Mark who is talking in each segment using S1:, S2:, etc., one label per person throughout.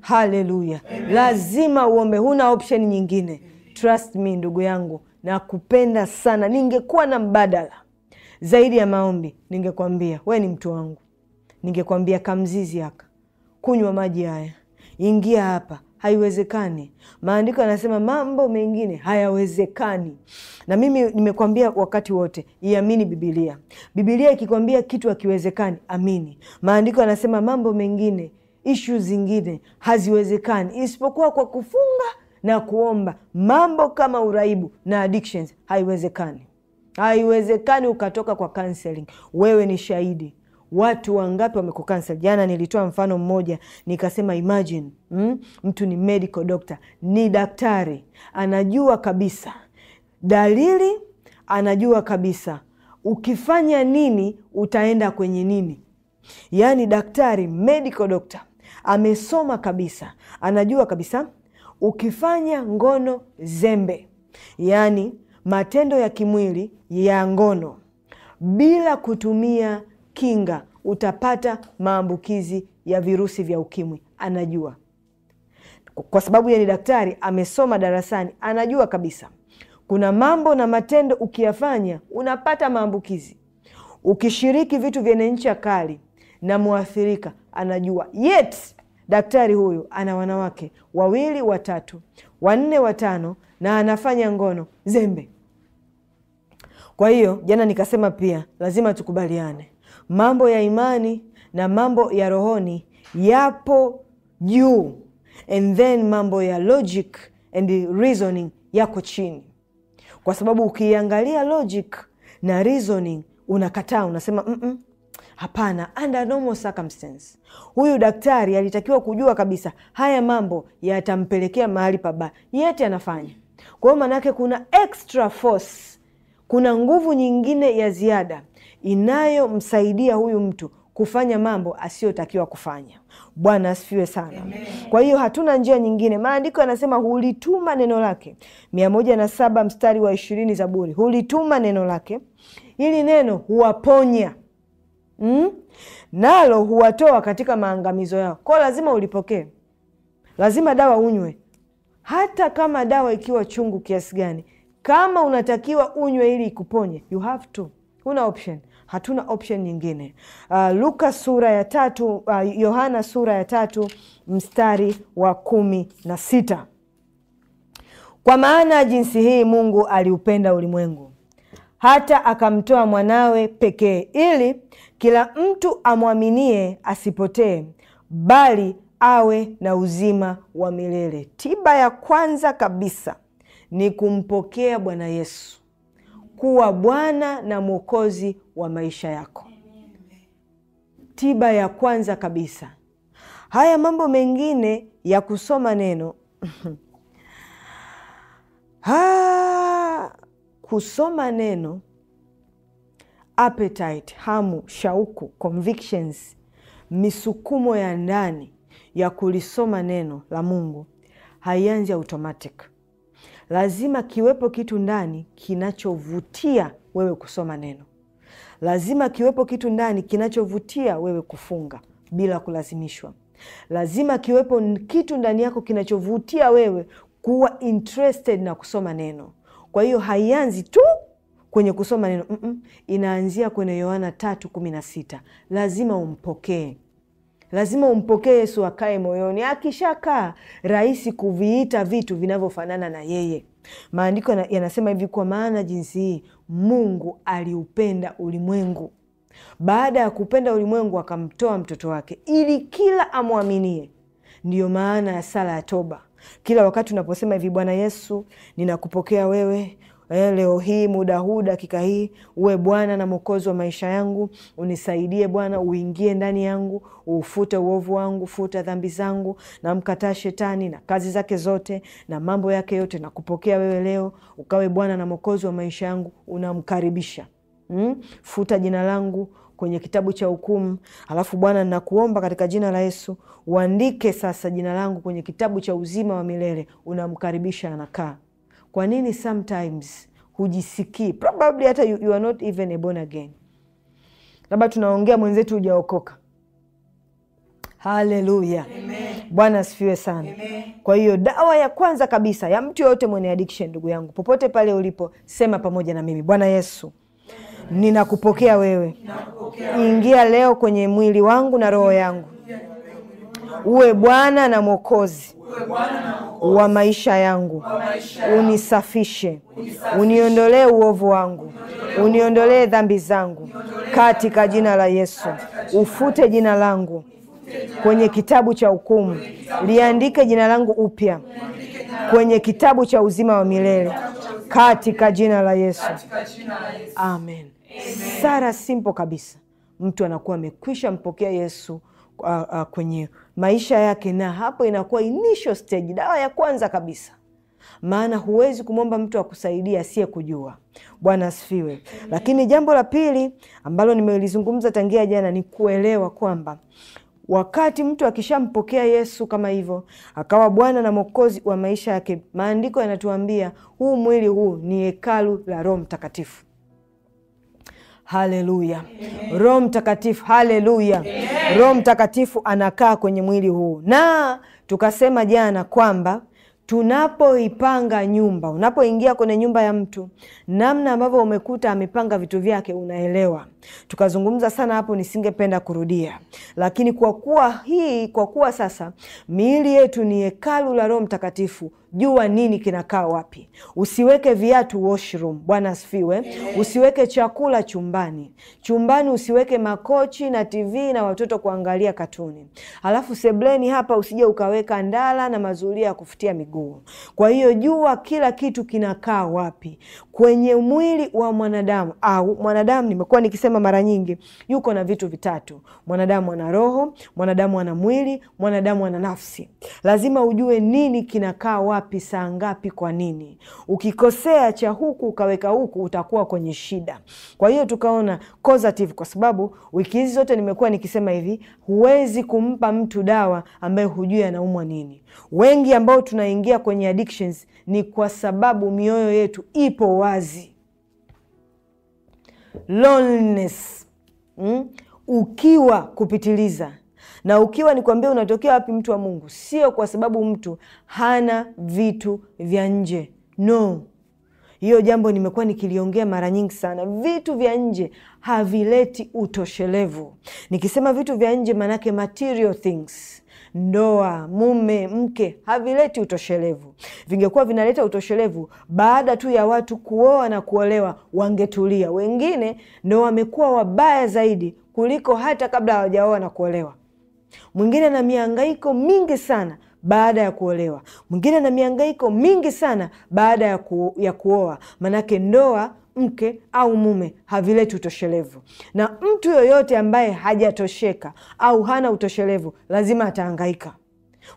S1: Haleluya, lazima uombe, huna option nyingine. Trust me ndugu yangu, nakupenda sana. Ningekuwa na mbadala zaidi ya maombi, ningekwambia we ni mtu wangu, ningekwambia kamzizi haka, kunywa maji haya, ingia hapa. Haiwezekani. Maandiko yanasema mambo mengine hayawezekani, na mimi nimekwambia wakati wote, iamini Bibilia. Bibilia ikikwambia kitu hakiwezekani, amini. Maandiko yanasema mambo mengine ishu zingine haziwezekani isipokuwa kwa kufunga na kuomba. Mambo kama uraibu na addictions haiwezekani, haiwezekani ukatoka kwa counseling. Wewe ni shahidi, watu wangapi wamekukansel? Jana nilitoa mfano mmoja nikasema, imagine mm, mtu ni medical doctor, ni daktari, anajua kabisa dalili, anajua kabisa ukifanya nini utaenda kwenye nini. Yaani daktari medical doctor amesoma kabisa, anajua kabisa ukifanya ngono zembe, yaani matendo ya kimwili ya ngono bila kutumia kinga, utapata maambukizi ya virusi vya ukimwi. Anajua kwa sababu yeye ni daktari, amesoma darasani, anajua kabisa kuna mambo na matendo ukiyafanya unapata maambukizi. Ukishiriki vitu vyenye ncha kali, na mwathirika anajua. Yet daktari huyu ana wanawake wawili, watatu, wanne, watano na anafanya ngono zembe. Kwa hiyo jana nikasema pia lazima tukubaliane, mambo ya imani na mambo ya rohoni yapo juu, and then mambo ya logic and reasoning yako chini, kwa sababu ukiangalia logic na reasoning unakataa, unasema mm -mm. Hapana, under normal circumstance huyu daktari alitakiwa kujua kabisa haya mambo yatampelekea mahali pabaya, yete anafanya. Kwa hiyo maanake kuna extra force, kuna nguvu nyingine ya ziada inayomsaidia huyu mtu kufanya mambo asiyotakiwa kufanya. Bwana asifiwe sana. Amen. Kwa hiyo hatuna njia nyingine. Maandiko yanasema hulituma neno lake, mia moja na saba mstari wa ishirini Zaburi, hulituma neno lake, hili neno huwaponya mm? nalo huwatoa katika maangamizo yao. Kwa lazima ulipokee, lazima dawa unywe, hata kama dawa ikiwa chungu kiasi gani, kama unatakiwa unywe ili ikuponye, you have to, huna option Hatuna option nyingine. Uh, Luka sura ya tatu, ah, Yohana uh, sura ya tatu mstari wa kumi na sita. Kwa maana jinsi hii Mungu aliupenda ulimwengu hata akamtoa mwanawe pekee, ili kila mtu amwaminie asipotee, bali awe na uzima wa milele. Tiba ya kwanza kabisa ni kumpokea Bwana Yesu kuwa Bwana na Mwokozi wa maisha yako. Tiba ya kwanza kabisa. Haya mambo mengine ya kusoma neno ha ah, kusoma neno appetite, hamu, shauku, convictions, misukumo ya ndani ya kulisoma neno la Mungu haianzi automatic. Lazima kiwepo kitu ndani kinachovutia wewe kusoma neno. Lazima kiwepo kitu ndani kinachovutia wewe kufunga bila kulazimishwa. Lazima kiwepo kitu ndani yako kinachovutia wewe kuwa interested na kusoma neno. Kwa hiyo haianzi tu kwenye kusoma neno mm -mm, inaanzia kwenye Yohana tatu kumi na sita. Lazima umpokee, lazima umpokee Yesu akae moyoni. Akishakaa rahisi kuviita vitu vinavyofanana na yeye. Maandiko yanasema hivi, kwa maana jinsi hii Mungu aliupenda ulimwengu, baada ya kupenda ulimwengu akamtoa mtoto wake, ili kila amwaminie. Ndiyo maana ya sala ya toba kila wakati unaposema hivi, Bwana Yesu, ninakupokea wewe eh, leo hii, muda huu, dakika hii, uwe Bwana na Mwokozi wa maisha yangu. Unisaidie Bwana, uingie ndani yangu, ufute uovu wangu, futa dhambi zangu, namkataa shetani na kazi zake zote na mambo yake yote. Nakupokea wewe leo, ukawe Bwana na Mwokozi wa maisha yangu. Unamkaribisha hmm? Futa jina langu kwenye kitabu cha hukumu. Alafu Bwana, nakuomba katika jina la Yesu uandike sasa jina langu kwenye kitabu cha uzima wa milele. Unamkaribisha, anakaa. Kwa nini sometimes hujisikii? Probably hata you, you are not even a born again. Labda tunaongea mwenzetu hujaokoka. Haleluya, Bwana asifiwe sana. Amen. Kwa hiyo dawa ya kwanza kabisa ya mtu yoyote mwenye addiction, ndugu yangu, popote pale ulipo, sema pamoja na mimi, Bwana Yesu ninakupokea wewe, ingia leo kwenye mwili wangu na roho yangu, uwe Bwana na Mwokozi wa maisha yangu, unisafishe, uniondolee uovu wangu, uniondolee dhambi zangu, katika jina la Yesu. Ufute jina langu kwenye kitabu cha hukumu, liandike jina langu upya kwenye kitabu cha uzima wa milele, katika jina la Yesu, amen. Sara simpo kabisa, mtu anakuwa amekwisha mpokea Yesu a, uh, a, uh, kwenye maisha yake, na hapo inakuwa initial stage, dawa ya kwanza kabisa maana huwezi kumwomba mtu akusaidia asiye kujua. Bwana asifiwe. Lakini jambo la pili ambalo nimelizungumza tangia jana ni kuelewa kwamba wakati mtu akishampokea Yesu kama hivyo, akawa Bwana na Mwokozi wa maisha yake, maandiko yanatuambia huu mwili huu ni hekalu la Roho Mtakatifu. Haleluya! Roho Mtakatifu, haleluya! Roho Mtakatifu anakaa kwenye mwili huu, na tukasema jana kwamba tunapoipanga nyumba, unapoingia kwenye nyumba ya mtu, namna ambavyo umekuta amepanga vitu vyake, unaelewa Tukazungumza sana hapo, nisingependa kurudia, lakini kwa kuwa hii, kwa kuwa sasa miili yetu ni hekalu la Roho Mtakatifu, jua nini kinakaa wapi. Usiweke viatu washroom. Bwana asifiwe. Usiweke chakula chumbani. Chumbani usiweke makochi na TV na watoto kuangalia katuni. Alafu sebleni hapa usije ukaweka ndala na mazulia ya kufutia miguu. Kwa hiyo jua kila kitu kinakaa wapi kwenye mwili wa mwanadamu au mwanadamu, nimekuwa nikisema mara nyingi, yuko na vitu vitatu. Mwanadamu ana roho, mwanadamu ana mwili, mwanadamu ana nafsi. Lazima ujue nini kinakaa wapi, saa ngapi, kwa nini. Ukikosea cha huku ukaweka huku, utakuwa kwenye shida. Kwa hiyo tukaona causative, kwa sababu wiki hizi zote nimekuwa nikisema hivi, huwezi kumpa mtu dawa ambaye hujui anaumwa nini. Wengi ambao tunaingia kwenye addictions ni kwa sababu mioyo yetu ipo wazi. Loneliness. Mm? Ukiwa kupitiliza na ukiwa, ni kwambia unatokea wapi mtu wa Mungu? Sio kwa sababu mtu hana vitu vya nje, no. Hiyo jambo nimekuwa nikiliongea mara nyingi sana. Vitu vya nje havileti utoshelevu. Nikisema vitu vya nje, maanake material things ndoa, mume, mke havileti utoshelevu. Vingekuwa vinaleta utoshelevu, baada tu ya watu kuoa na kuolewa wangetulia. Wengine ndo wamekuwa wabaya zaidi kuliko hata kabla hawajaoa na kuolewa. Mwingine na miangaiko mingi sana baada ya kuolewa, mwingine na miangaiko mingi sana baada ya, ku, ya kuoa. Manake ndoa mke au mume havileti utoshelevu, na mtu yoyote ambaye hajatosheka au hana utoshelevu lazima ataangaika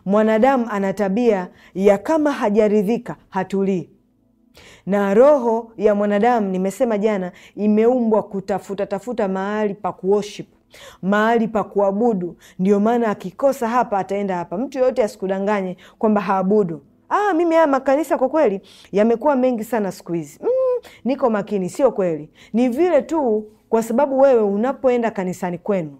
S1: Mwanadamu ana tabia ya kama hajaridhika hatulii, na roho ya mwanadamu, nimesema jana, imeumbwa kutafuta tafuta mahali pa kuworship mahali pa kuabudu. Ndio maana akikosa hapa ataenda hapa. Mtu yoyote asikudanganye kwamba haabudu. Ah, mimi haya makanisa kwa kweli yamekuwa mengi sana siku hizi mm niko makini. Sio kweli, ni vile tu kwa sababu wewe unapoenda kanisani kwenu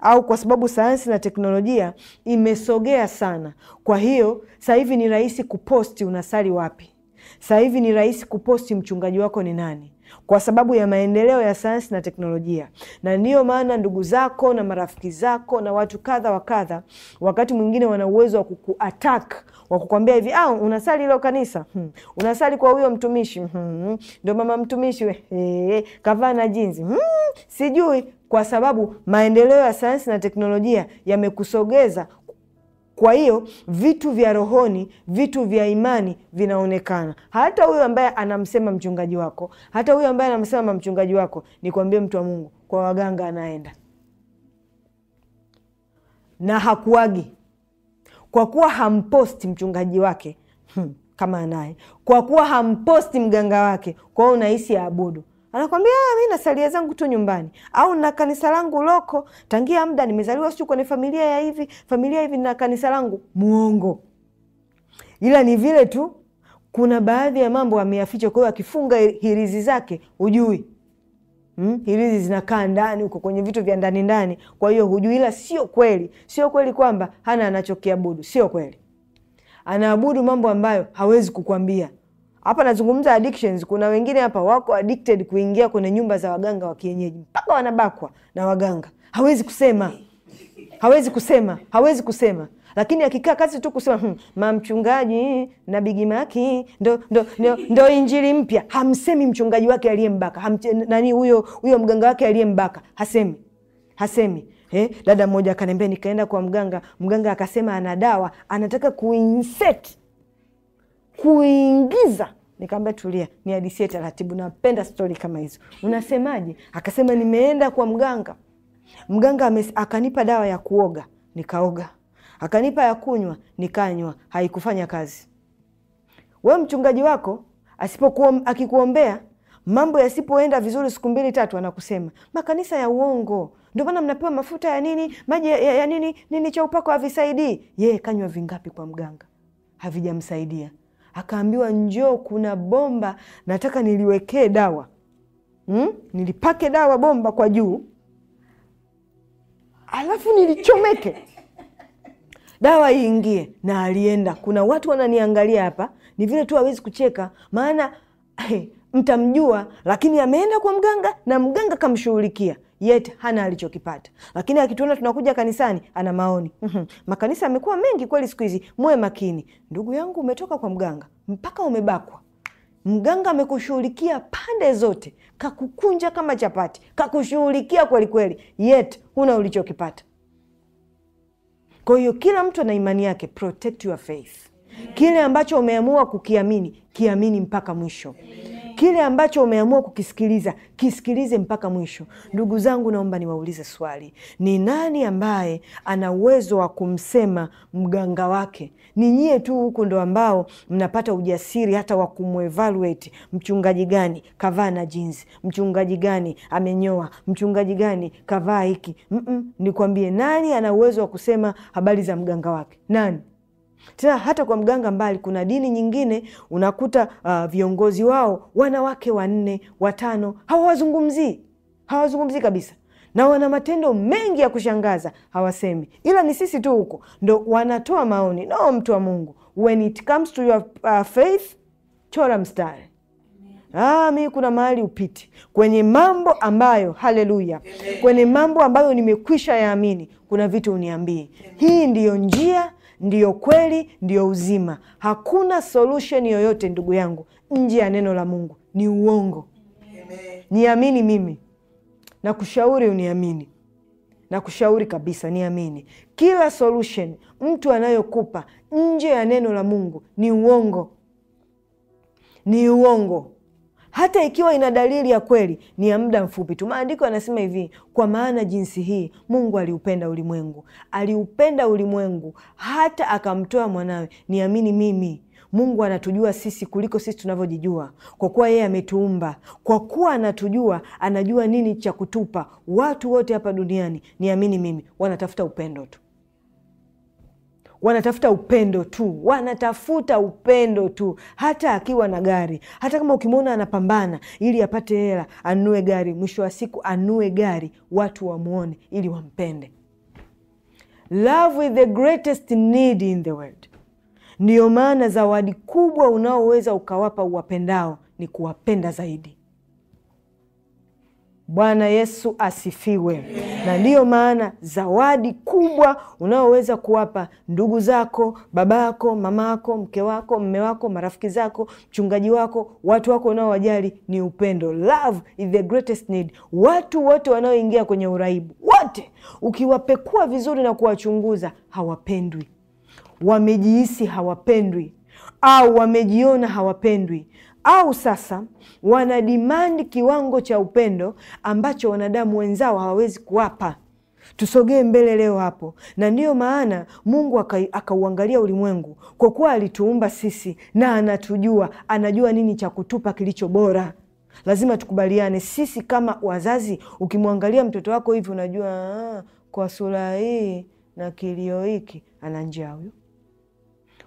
S1: au kwa sababu sayansi na teknolojia imesogea sana. Kwa hiyo sasa hivi ni rahisi kuposti unasali wapi, sasa hivi ni rahisi kuposti mchungaji wako ni nani, kwa sababu ya maendeleo ya sayansi na teknolojia. Na ndiyo maana ndugu zako na marafiki zako na watu kadha wa kadha, wakati mwingine wana uwezo wa kukuattack wa kukwambia hivi, au ah, unasali hilo kanisa hmm. unasali kwa huyo mtumishi hmm. ndo mama mtumishi hey, kavaa na jinzi hmm. sijui, kwa sababu maendeleo ya sayansi na teknolojia yamekusogeza kwa hiyo vitu vya rohoni, vitu vya imani vinaonekana. Hata huyo ambaye anamsema mchungaji wako, hata huyo ambaye anamsema mchungaji wako, nikwambie mtu wa Mungu, kwa waganga anaenda na hakuagi, kwa kuwa hamposti mchungaji wake hmm, kama anaye, kwa kuwa hamposti mganga wake, kwa hiyo unahisi aabudu anakwambia ah, mi na salia zangu tu nyumbani au na kanisa langu loko, tangia mda nimezaliwa, siu kwenye familia ya hivi familia hivi na kanisa langu. Mwongo, ila ni vile tu kuna baadhi ya mambo ameyaficha. Kwa hiyo akifunga hirizi zake hujui, hmm? hirizi zinakaa ndani huko kwenye vitu vya ndani ndani, kwa hiyo hujui. Ila sio kweli, sio kweli kwamba hana anachokiabudu, sio kweli. Anaabudu mambo ambayo hawezi kukwambia hapa nazungumza addictions. Kuna wengine hapa wako addicted kuingia kwenye nyumba za waganga wa kienyeji mpaka wanabakwa na waganga, hawezi kusema, hawezi kusema, hawezi kusema lakini akikaa kazi tu kusema hmm, mamchungaji na bigimaki ndo, ndo, ndo, ndo injili mpya. Hamsemi mchungaji wake aliyembaka nani huyo huyo mganga wake aliyembaka, hasemi hasemi. Eh, dada mmoja akaniambia, nikaenda kwa mganga, mganga akasema ana dawa anataka kuinsert kuingiza Nikamwambia tulia, ni nihadisie taratibu, napenda stori kama hizo. Unasemaje? Akasema nimeenda kwa mganga, mganga akanipa dawa ya kuoga, nikaoga, akanipa ya kunywa, nikanywa, haikufanya kazi. We mchungaji wako asipokuwa akikuombea mambo yasipoenda vizuri siku mbili tatu, anakusema makanisa ya uongo, ndio maana mnapewa mafuta ya nini, maji ya, ya nini nini cha upako havisaidii. Yeye kanywa vingapi kwa mganga, havijamsaidia akaambiwa njoo, kuna bomba nataka niliwekee dawa hmm? nilipake dawa bomba kwa juu, alafu nilichomeke dawa iingie. Na alienda. Kuna watu wananiangalia hapa, ni vile tu hawezi kucheka, maana hey, eh, mtamjua, lakini ameenda kwa mganga na mganga kamshughulikia yet hana alichokipata, lakini akituona tunakuja kanisani ana maoni mhm. makanisa amekuwa mengi kweli siku hizi, mwe makini ndugu yangu. Umetoka kwa mganga mpaka umebakwa, mganga amekushughulikia pande zote, kakukunja kama chapati, kakushughulikia kwelikweli yet huna ulichokipata. Kwa hiyo kila mtu ana imani yake. Protect your faith, kile ambacho umeamua kukiamini kiamini mpaka mwisho kile ambacho umeamua kukisikiliza kisikilize mpaka mwisho. Ndugu zangu, naomba niwaulize swali, ni nani ambaye ana uwezo wa kumsema mganga wake? Ni nyie tu huku ndo ambao mnapata ujasiri hata wa kumevaluate mchungaji gani kavaa na jinsi, mchungaji gani amenyoa, mchungaji gani kavaa hiki. Mm -mm, nikwambie nani ana uwezo wa kusema habari za mganga wake? Nani? Tena hata kwa mganga mbali, kuna dini nyingine unakuta uh, viongozi wao wanawake wanne watano hawawazungumzii, hawazungumzii kabisa na wana matendo mengi ya kushangaza hawasemi, ila ni sisi tu huko ndo wanatoa maoni. No, mtu wa Mungu, when it comes to your uh, faith, chora mstari. Ah, mi kuna mahali upiti kwenye mambo ambayo, haleluya, kwenye mambo ambayo nimekwisha yaamini, kuna vitu uniambii, hii ndiyo njia ndiyo kweli, ndiyo uzima. Hakuna solution yoyote ndugu yangu nje ya neno la Mungu, ni uongo. Niamini mimi, nakushauri uniamini, nakushauri kabisa, niamini. Kila solution mtu anayokupa nje ya neno la Mungu ni uongo, ni uongo hata ikiwa ina dalili ya kweli, ni ya muda mfupi tu. Maandiko yanasema hivi, kwa maana jinsi hii Mungu aliupenda ulimwengu, aliupenda ulimwengu hata akamtoa mwanawe. Niamini mimi Mungu anatujua sisi kuliko sisi tunavyojijua, kwa kuwa yeye ametuumba. Kwa kuwa anatujua, anajua nini cha kutupa. Watu wote hapa duniani, niamini mimi, wanatafuta upendo tu wanatafuta upendo tu, wanatafuta upendo tu. Hata akiwa na gari, hata kama ukimwona anapambana ili apate hela anue gari, mwisho wa siku anue gari, watu wamwone ili wampende. Love with the greatest need in the world. Ndiyo maana zawadi kubwa unaoweza ukawapa uwapendao ni kuwapenda zaidi. Bwana Yesu asifiwe. Na ndiyo maana zawadi kubwa unaoweza kuwapa ndugu zako, babako, mamako, mke wako, mme wako, marafiki zako, mchungaji wako, watu wako unaowajali ni upendo. Love is the greatest need. Watu wote wanaoingia kwenye uraibu wote, ukiwapekua vizuri na kuwachunguza, hawapendwi, wamejihisi hawapendwi, au wamejiona hawapendwi au sasa wanadimandi kiwango cha upendo ambacho wanadamu wenzao hawawezi kuwapa. Tusogee mbele leo hapo, na ndiyo maana Mungu akauangalia ulimwengu, kwa kuwa alituumba sisi na anatujua, anajua nini cha kutupa kilicho bora. Lazima tukubaliane sisi kama wazazi. Ukimwangalia mtoto wako hivi, unajua ah, kwa sura hii na kilio hiki ana njia huyu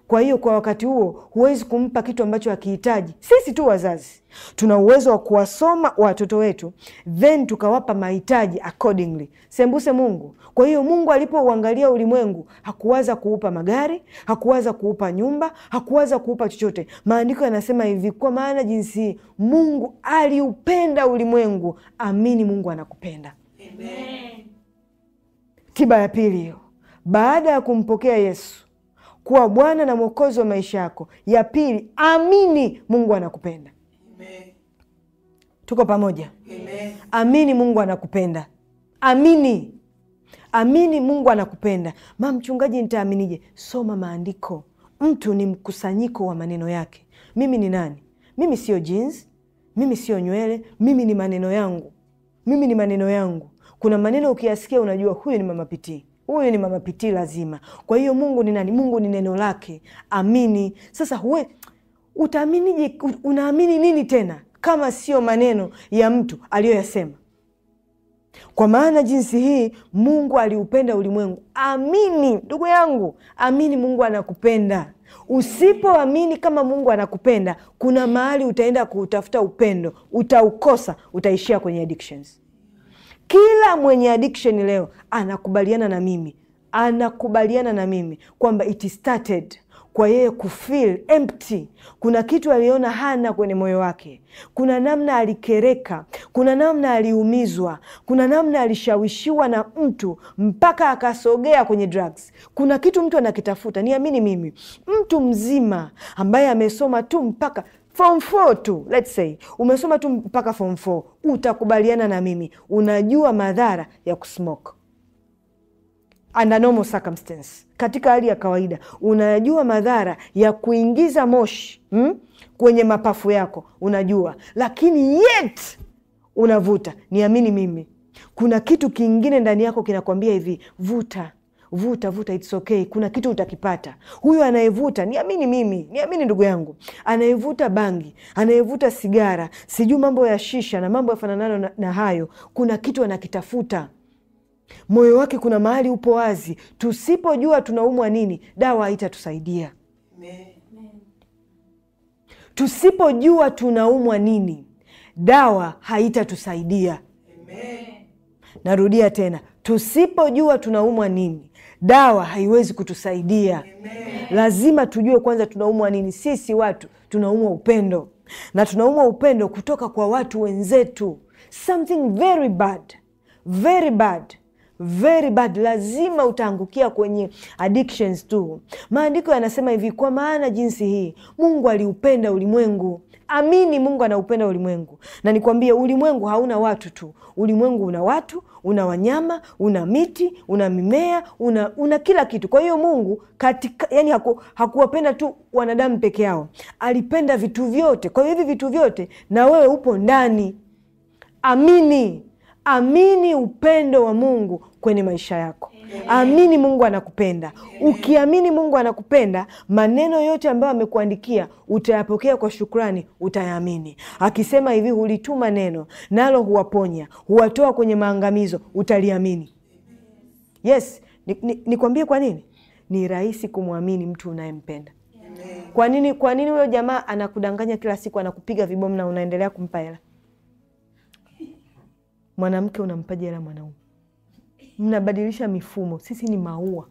S1: kwa hiyo kwa wakati huo huwezi kumpa kitu ambacho akihitaji Sisi tu wazazi tuna uwezo wa kuwasoma watoto wetu, then tukawapa mahitaji accordingly, sembuse Mungu. Kwa hiyo Mungu alipouangalia ulimwengu hakuwaza kuupa magari, hakuwaza kuupa nyumba, hakuwaza kuupa chochote. Maandiko yanasema hivi, kwa maana jinsi Mungu aliupenda ulimwengu. Amini Mungu anakupenda. Amen. Tiba ya pili hiyo, baada ya kumpokea Yesu kuwa Bwana na Mwokozi wa maisha yako. Ya pili, amini Mungu anakupenda. Amen. Tuko pamoja? Amen. Amini Mungu anakupenda, amini amini Mungu anakupenda. Ma mchungaji, nitaaminije? Soma maandiko. Mtu ni mkusanyiko wa maneno yake. Mimi ni nani? Mimi siyo jeans, mimi siyo nywele, mimi ni maneno yangu, mimi ni maneno yangu. Kuna maneno ukiyasikia unajua huyu ni Mama Pitii. Huyu ni mama pitii lazima. Kwa hiyo Mungu ni nani? Mungu ni neno lake, amini. Sasa huwe utaaminije? Unaamini nini tena kama sio maneno ya mtu aliyoyasema? Kwa maana jinsi hii Mungu aliupenda ulimwengu. Amini ndugu yangu, amini Mungu anakupenda. Usipoamini kama Mungu anakupenda, kuna mahali utaenda kuutafuta upendo, utaukosa, utaishia kwenye addictions. Kila mwenye addiction leo anakubaliana na mimi, anakubaliana na mimi kwamba it started kwa yeye kufeel empty. Kuna kitu aliona hana kwenye moyo wake, kuna namna alikereka, kuna namna aliumizwa, kuna namna alishawishiwa na mtu mpaka akasogea kwenye drugs. Kuna kitu mtu anakitafuta. Niamini mimi, mtu mzima ambaye amesoma tu mpaka form 4 tu, let's say umesoma tu mpaka form 4, utakubaliana na mimi, unajua madhara ya kusmoke under normal circumstance, katika hali ya kawaida unajua madhara ya kuingiza moshi hmm? kwenye mapafu yako unajua, lakini yet unavuta. Niamini mimi, kuna kitu kingine ndani yako kinakwambia hivi, vuta vuta vuta, it's okay, kuna kitu utakipata. Huyu anayevuta, niamini mimi, niamini ndugu yangu, anayevuta bangi, anayevuta sigara, sijui mambo ya shisha na mambo yafananayo na, na hayo, kuna kitu anakitafuta moyo wake, kuna mahali upo wazi. Tusipojua tunaumwa nini, dawa haitatusaidia. Tusipojua tunaumwa nini, dawa haitatusaidia. Narudia tena, tusipojua tunaumwa nini, dawa haiwezi kutusaidia. Amen. Lazima tujue kwanza tunaumwa nini. Sisi watu tunaumwa upendo, na tunaumwa upendo kutoka kwa watu wenzetu, something very bad, very bad very bad. Lazima utaangukia kwenye addictions tu. Maandiko yanasema hivi, kwa maana jinsi hii Mungu aliupenda ulimwengu. Amini, Mungu anaupenda ulimwengu, na nikwambie, ulimwengu hauna watu tu, ulimwengu una watu una wanyama, una miti, una mimea, una, una kila kitu. Kwa hiyo Mungu katika, yani haku, hakuwapenda tu wanadamu peke yao, alipenda vitu vyote. Kwa hiyo hivi vitu vyote na wewe upo ndani. Amini, amini upendo wa Mungu kwenye maisha yako. Amini Mungu anakupenda. Ukiamini Mungu anakupenda, maneno yote ambayo amekuandikia utayapokea kwa shukrani, utayaamini. Akisema hivi, hulituma neno nalo huwaponya, huwatoa kwenye maangamizo, utaliamini. Yes, nikwambie ni, ni kwa nini ni rahisi kumwamini mtu unayempenda. Kwa nini? Kwa nini huyo jamaa anakudanganya kila siku, anakupiga vibomu na unaendelea kumpa hela? Mwanamke unampaja hela mwanaume? mnabadilisha mifumo. Sisi ni maua,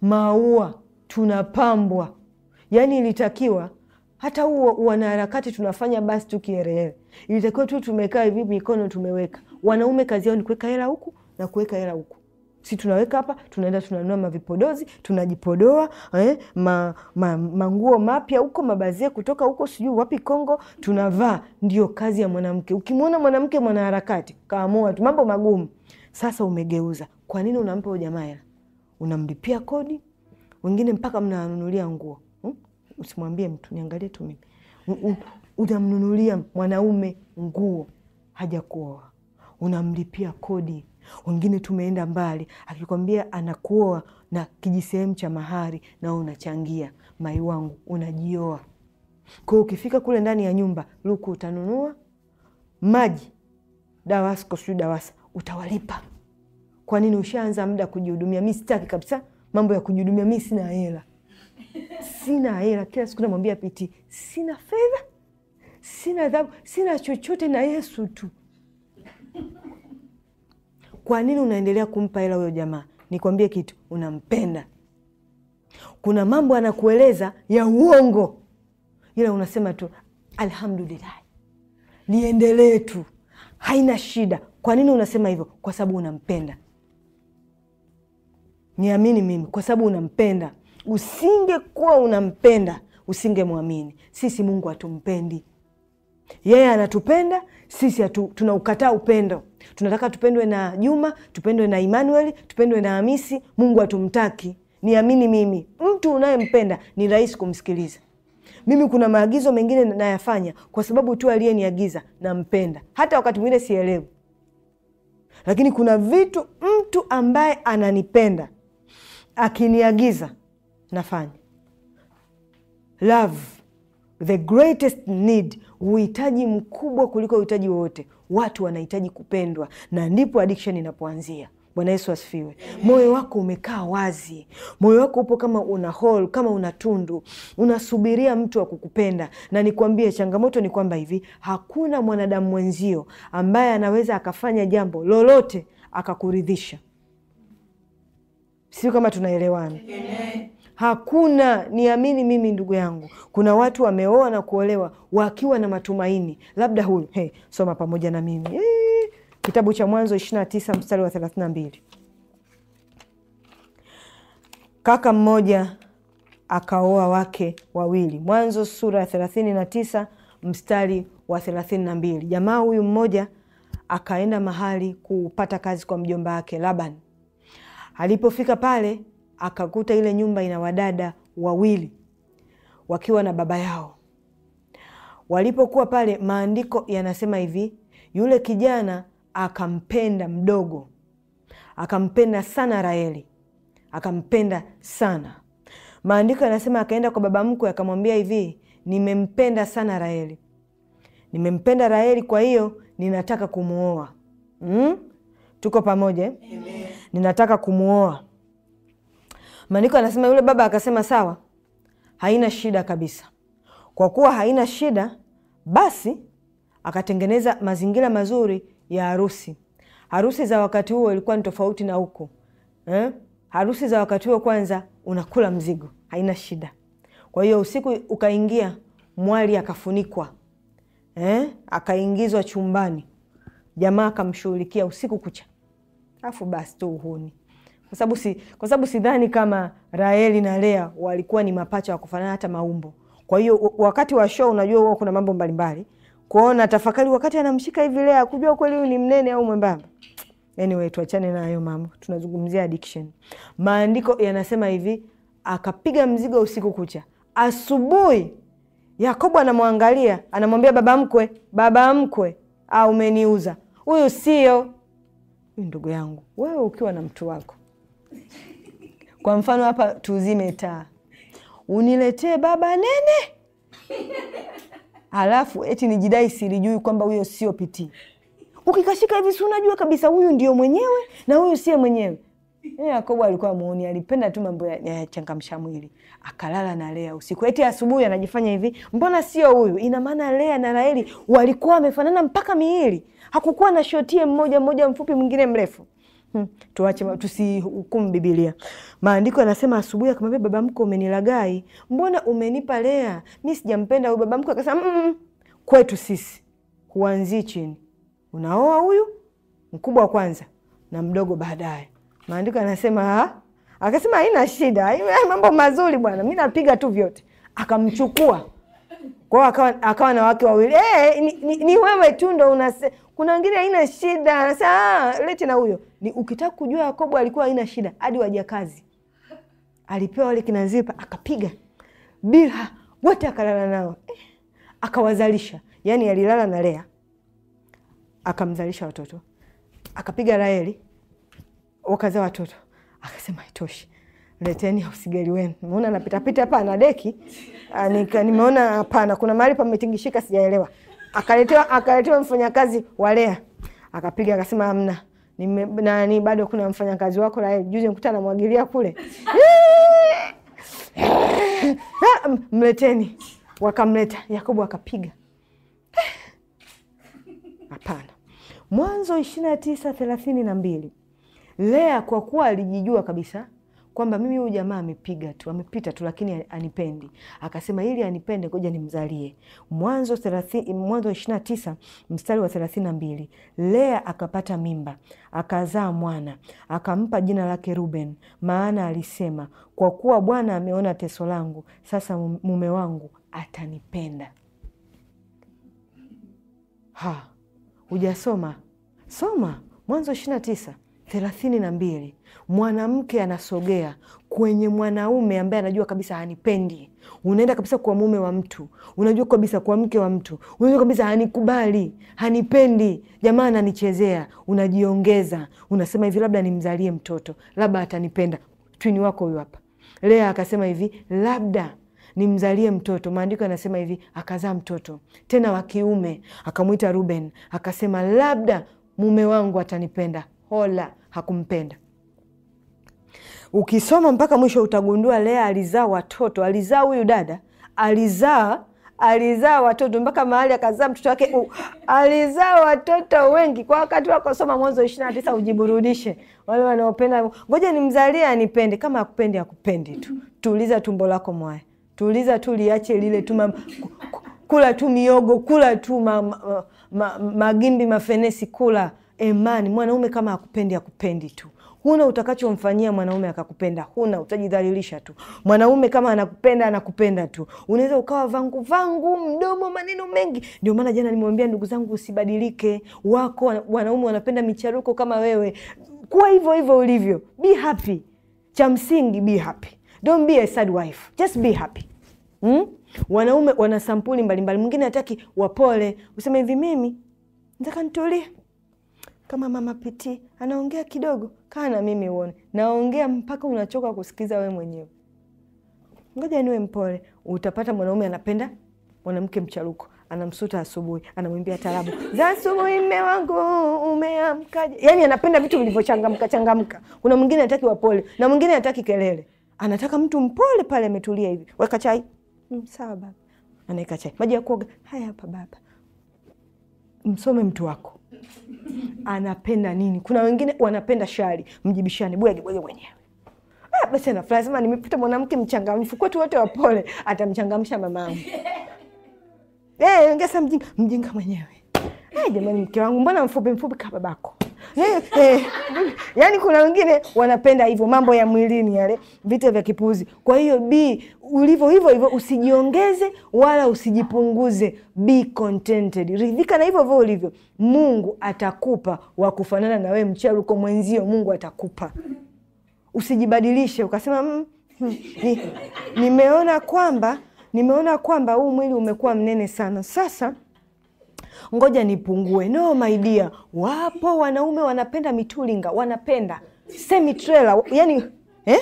S1: maua tunapambwa. Yaani ilitakiwa hata huo wanaharakati tunafanya basi tu kiherehere, ilitakiwa tu tumekaa hivi, mikono tumeweka. Wanaume kazi yao ni kuweka hela huku na kuweka hela huku si tunaweka hapa, tunaenda tunanunua mavipodozi, tunajipodoa eh, ma, ma, manguo mapya huko, mabazie kutoka huko sijui wapi Kongo, tunavaa. Ndio kazi ya mwanamke. Ukimwona mwanamke mwanaharakati, kaamua tu mambo magumu sasa umegeuza, kwa nini unampa huyo jamaa hela? Unamlipia kodi, wengine mpaka mnanunulia nguo hmm? Usimwambie mtu, niangalie tu mimi. Unamnunulia mwanaume nguo, haja kuoa unamlipia kodi. Wengine tumeenda mbali, akikwambia anakuoa na kijisehemu cha mahari, na unachangia mai wangu, unajioa kwa hiyo ukifika kule ndani ya nyumba luku utanunua maji dawasko, sijui DAWASA utawalipa. Kwa nini? Ushaanza muda kujihudumia. Mi sitaki kabisa mambo ya kujihudumia, mi sina hela, sina hela. Kila siku namwambia Piti, sina fedha, sina dhabu sina chochote, na Yesu tu. Kwa nini unaendelea kumpa hela huyo jamaa? Nikwambie kitu, unampenda. Kuna mambo anakueleza ya uongo, ila unasema tu alhamdulillah, niendelee tu, haina shida. Kwa nini unasema hivyo? Kwa sababu unampenda. Niamini mimi, kwa sababu unampenda. Usingekuwa unampenda usingemwamini. Sisi Mungu hatumpendi yeye, anatupenda sisi hatu, tunaukataa upendo. Tunataka tupendwe na Juma, tupendwe na Emmanuel, tupendwe na Hamisi. Mungu hatumtaki. Niamini mimi, mtu unayempenda ni rahisi kumsikiliza. Mimi kuna maagizo mengine nayafanya kwa sababu tu aliyeniagiza nampenda, hata wakati mwingine sielewi lakini kuna vitu mtu ambaye ananipenda akiniagiza nafanya. Love, the greatest need, uhitaji mkubwa kuliko uhitaji wowote. Watu wanahitaji kupendwa, na ndipo addiction inapoanzia. Bwana Yesu asifiwe. Moyo wako umekaa wazi, moyo wako upo kama una hol, kama una tundu, unasubiria mtu wa kukupenda. Na nikwambie, changamoto ni kwamba hivi, hakuna mwanadamu mwenzio ambaye anaweza akafanya jambo lolote akakuridhisha. Sio kama tunaelewana? Hakuna, niamini mimi ndugu yangu, kuna watu wameoa na kuolewa wakiwa na matumaini, labda huyu hey, soma pamoja na mimi hey. Ee, kitabu cha Mwanzo 29 mstari wa 32. Kaka mmoja akaoa wake wawili. Mwanzo sura ya 39 mstari wa 32. Jamaa huyu mmoja akaenda mahali kupata kazi kwa mjomba wake Laban. Alipofika pale akakuta ile nyumba ina wadada wawili wakiwa na baba yao. Walipokuwa pale, maandiko yanasema hivi, yule kijana akampenda mdogo, akampenda sana Raheli, akampenda sana. Maandiko yanasema akaenda kwa baba mkwe akamwambia hivi, nimempenda sana Raheli, nimempenda Raheli, kwa hiyo ninataka kumwoa. Mm? Tuko pamoja, Amen. Ninataka kumwoa. Maandiko anasema yule baba akasema sawa, haina shida kabisa. Kwa kuwa haina shida, basi akatengeneza mazingira mazuri ya harusi. Harusi za wakati huo ilikuwa ni tofauti na huko eh? Harusi za wakati huo kwanza, unakula mzigo, haina shida. Kwa hiyo usiku ukaingia, mwali akafunikwa eh? Akaingizwa chumbani, jamaa akamshughulikia usiku kucha, alafu basi tu uhuni kwa sababu si, kwa sababu sidhani kama Raheli na Lea walikuwa ni mapacha wa kufanana hata maumbo. Kwa hiyo wakati wa show, unajua huwa kuna mambo mbalimbali mbali kuona tafakari wakati anamshika hivi Lea, kujua kweli huyu ni mnene au mwembamba. Anyway, tuachane na hayo mambo, tunazungumzia addiction. Maandiko yanasema hivi, akapiga mzigo usiku kucha, asubuhi Yakobo anamwangalia, anamwambia baba mkwe, baba mkwe, au umeniuza huyu, sio ndugu yangu. Wewe ukiwa na mtu wako, kwa mfano hapa, tuzime taa uniletee baba nene alafu eti nijidai silijui kwamba huyo sio pitii. Ukikashika hivi, si unajua kabisa huyu ndio mwenyewe na huyu sie mwenyewe. Eh, Yakobo alikuwa muoni, alipenda tu mambo ya changamsha mwili, akalala na Lea usiku. Eti asubuhi anajifanya hivi, mbona sio huyu? Ina maana Lea na Raheli walikuwa wamefanana mpaka miili, hakukuwa na shotie mmoja mmoja mfupi mwingine mrefu. Hmm. Tuache tusihukumu Biblia. Maandiko yanasema asubuhi akamwambia baba mko, umenilagai, mbona umenipa Lea? Mi sijampenda huyu. Baba mkwe akasema mm, kwetu sisi huanzii chini, unaoa huyu mkubwa kwanza na mdogo baadaye. Maandiko yanasema Akasema haina shida, mambo mazuri bwana, mi napiga tu vyote. Akamchukua kwao, akawa, akawa na wake wawili. Hey, eh, ni, ni, ni wewe tu ndo una. Kuna wengine haina shida, anasema ah, leti na huyo ni ukitaka kujua Yakobo alikuwa haina shida hadi wajakazi alipewa wale kinazipa akapiga bila wote akalala nao eh, akawazalisha. Yani alilala na Lea akamzalisha watoto, akapiga Raheli wakaza watoto. Akasema itoshi, leteni usigari wenu. meona napitapita hapa na deki ah, nimeona hapana, kuna mahali pametingishika, sijaelewa. Akaletewa akaletewa mfanyakazi walea akapiga, akasema amna nime nani, bado kuna mfanyakazi wako Raheli, juzi nikuta anamwagilia kule mleteni. Wakamleta Yakobo akapiga. Hapana. Mwanzo ishirini na tisa thelathini na mbili Lea kwa kuwa alijijua kabisa kwamba mimi huyu jamaa amepiga tu amepita tu, lakini anipendi. Akasema ili anipende, ngoja nimzalie. Mwanzo Mwanzo ishirini na tisa mstari wa thelathini na mbili Lea akapata mimba akazaa mwana akampa jina lake Ruben, maana alisema kwa kuwa Bwana ameona teso langu, sasa mume wangu atanipenda. Ha, hujasoma? Soma Mwanzo ishirini na tisa thelathini na mbili mwanamke anasogea kwenye mwanaume ambaye anajua kabisa hanipendi, unaenda kabisa kwa mume wa mtu, unajua kabisa kwa mke wa mtu, unajua kabisa hanikubali, hanipendi, jamaa ananichezea, unajiongeza, unasema hivi, labda nimzalie mtoto, labda atanipenda. Twini wako huyu hapa, Lea akasema hivi, labda nimzalie mtoto. Maandiko yanasema hivi, akazaa mtoto tena wa kiume, akamwita Ruben, akasema labda mume wangu atanipenda. Hola, hakumpenda. Ukisoma mpaka mwisho utagundua Lea alizaa watoto, alizaa huyu dada alizaa alizaa watoto mpaka mahali akazaa mtoto wake alizaa watoto wengi kwa wakati wako. Soma Mwanzo ishirini na tisa ujiburudishe. Wale wanaopenda ngoja nimzalie anipende, kama akupendi akupendi tu. Tuuliza tumbo lako mwaya, tuuliza tu liache lile tu kula tu miogo, kula tu ma, ma, ma, magimbi mafenesi, kula emani. Mwanaume kama akupendi akupendi tu huna utakachomfanyia mwanaume akakupenda, huna, utajidhalilisha tu. Mwanaume kama anakupenda anakupenda tu, unaweza ukawa vangu vangu, mdomo, maneno mengi. Ndio maana jana nimwambia ndugu zangu, usibadilike. Wako wanaume wanapenda micharuko kama wewe, kuwa hivyo hivyo ulivyo, be happy. Cha msingi be happy, don't be a sad wife, just be happy. Hmm? Wanaume wana sampuli mbalimbali, mwingine hataki wapole, useme hivi, mimi nataka nitulie kama mama Piti anaongea kidogo kaa na mimi uone, naongea mpaka unachoka kusikiza we mwenyewe. Ngoja niwe mpole, utapata mwanaume anapenda mwanamke mcharuko, anamsuta asubuhi, anamwimbia tarabu za asubuhi, mme wangu umeamkaje? Yani anapenda vitu vilivyochangamka changamka. Kuna mwingine hataki wapole na mwingine hataki kelele, anataka mtu mpole pale, ametulia hivi. Weka chai. Mm, sawa baba. Anaweka chai, maji ya kuoga haya hapa baba. Msome mtu wako anapenda nini. Kuna wengine wanapenda shari, mjibishane, bwege bwege mwenyewe. Ah, basi anafurahi sema, nimepita mwanamke mchangamfu, kwetu wote wapole, atamchangamsha mamangu. Eh, ngesa mjinga mjinga mwenyewe. Ah, jamani, mke wangu mbona mfupi mfupi kama babako? eh, eh. Yaani kuna wengine wanapenda hivyo mambo ya mwilini yale vita vya kipuzi Kwa hiyo b ulivyo hivyo hivyo, usijiongeze wala usijipunguze, be contented, ridhika na hivyo hivyo ulivyo. Mungu atakupa wa kufanana na wewe, uko mwenzio, Mungu atakupa. Usijibadilishe ukasema mm, mm, nimeona kwamba nimeona kwamba huu mwili umekuwa mnene sana sasa ngoja nipungue. No my dear, wapo wanaume wanapenda mitulinga, wanapenda semi trailer, yani eh?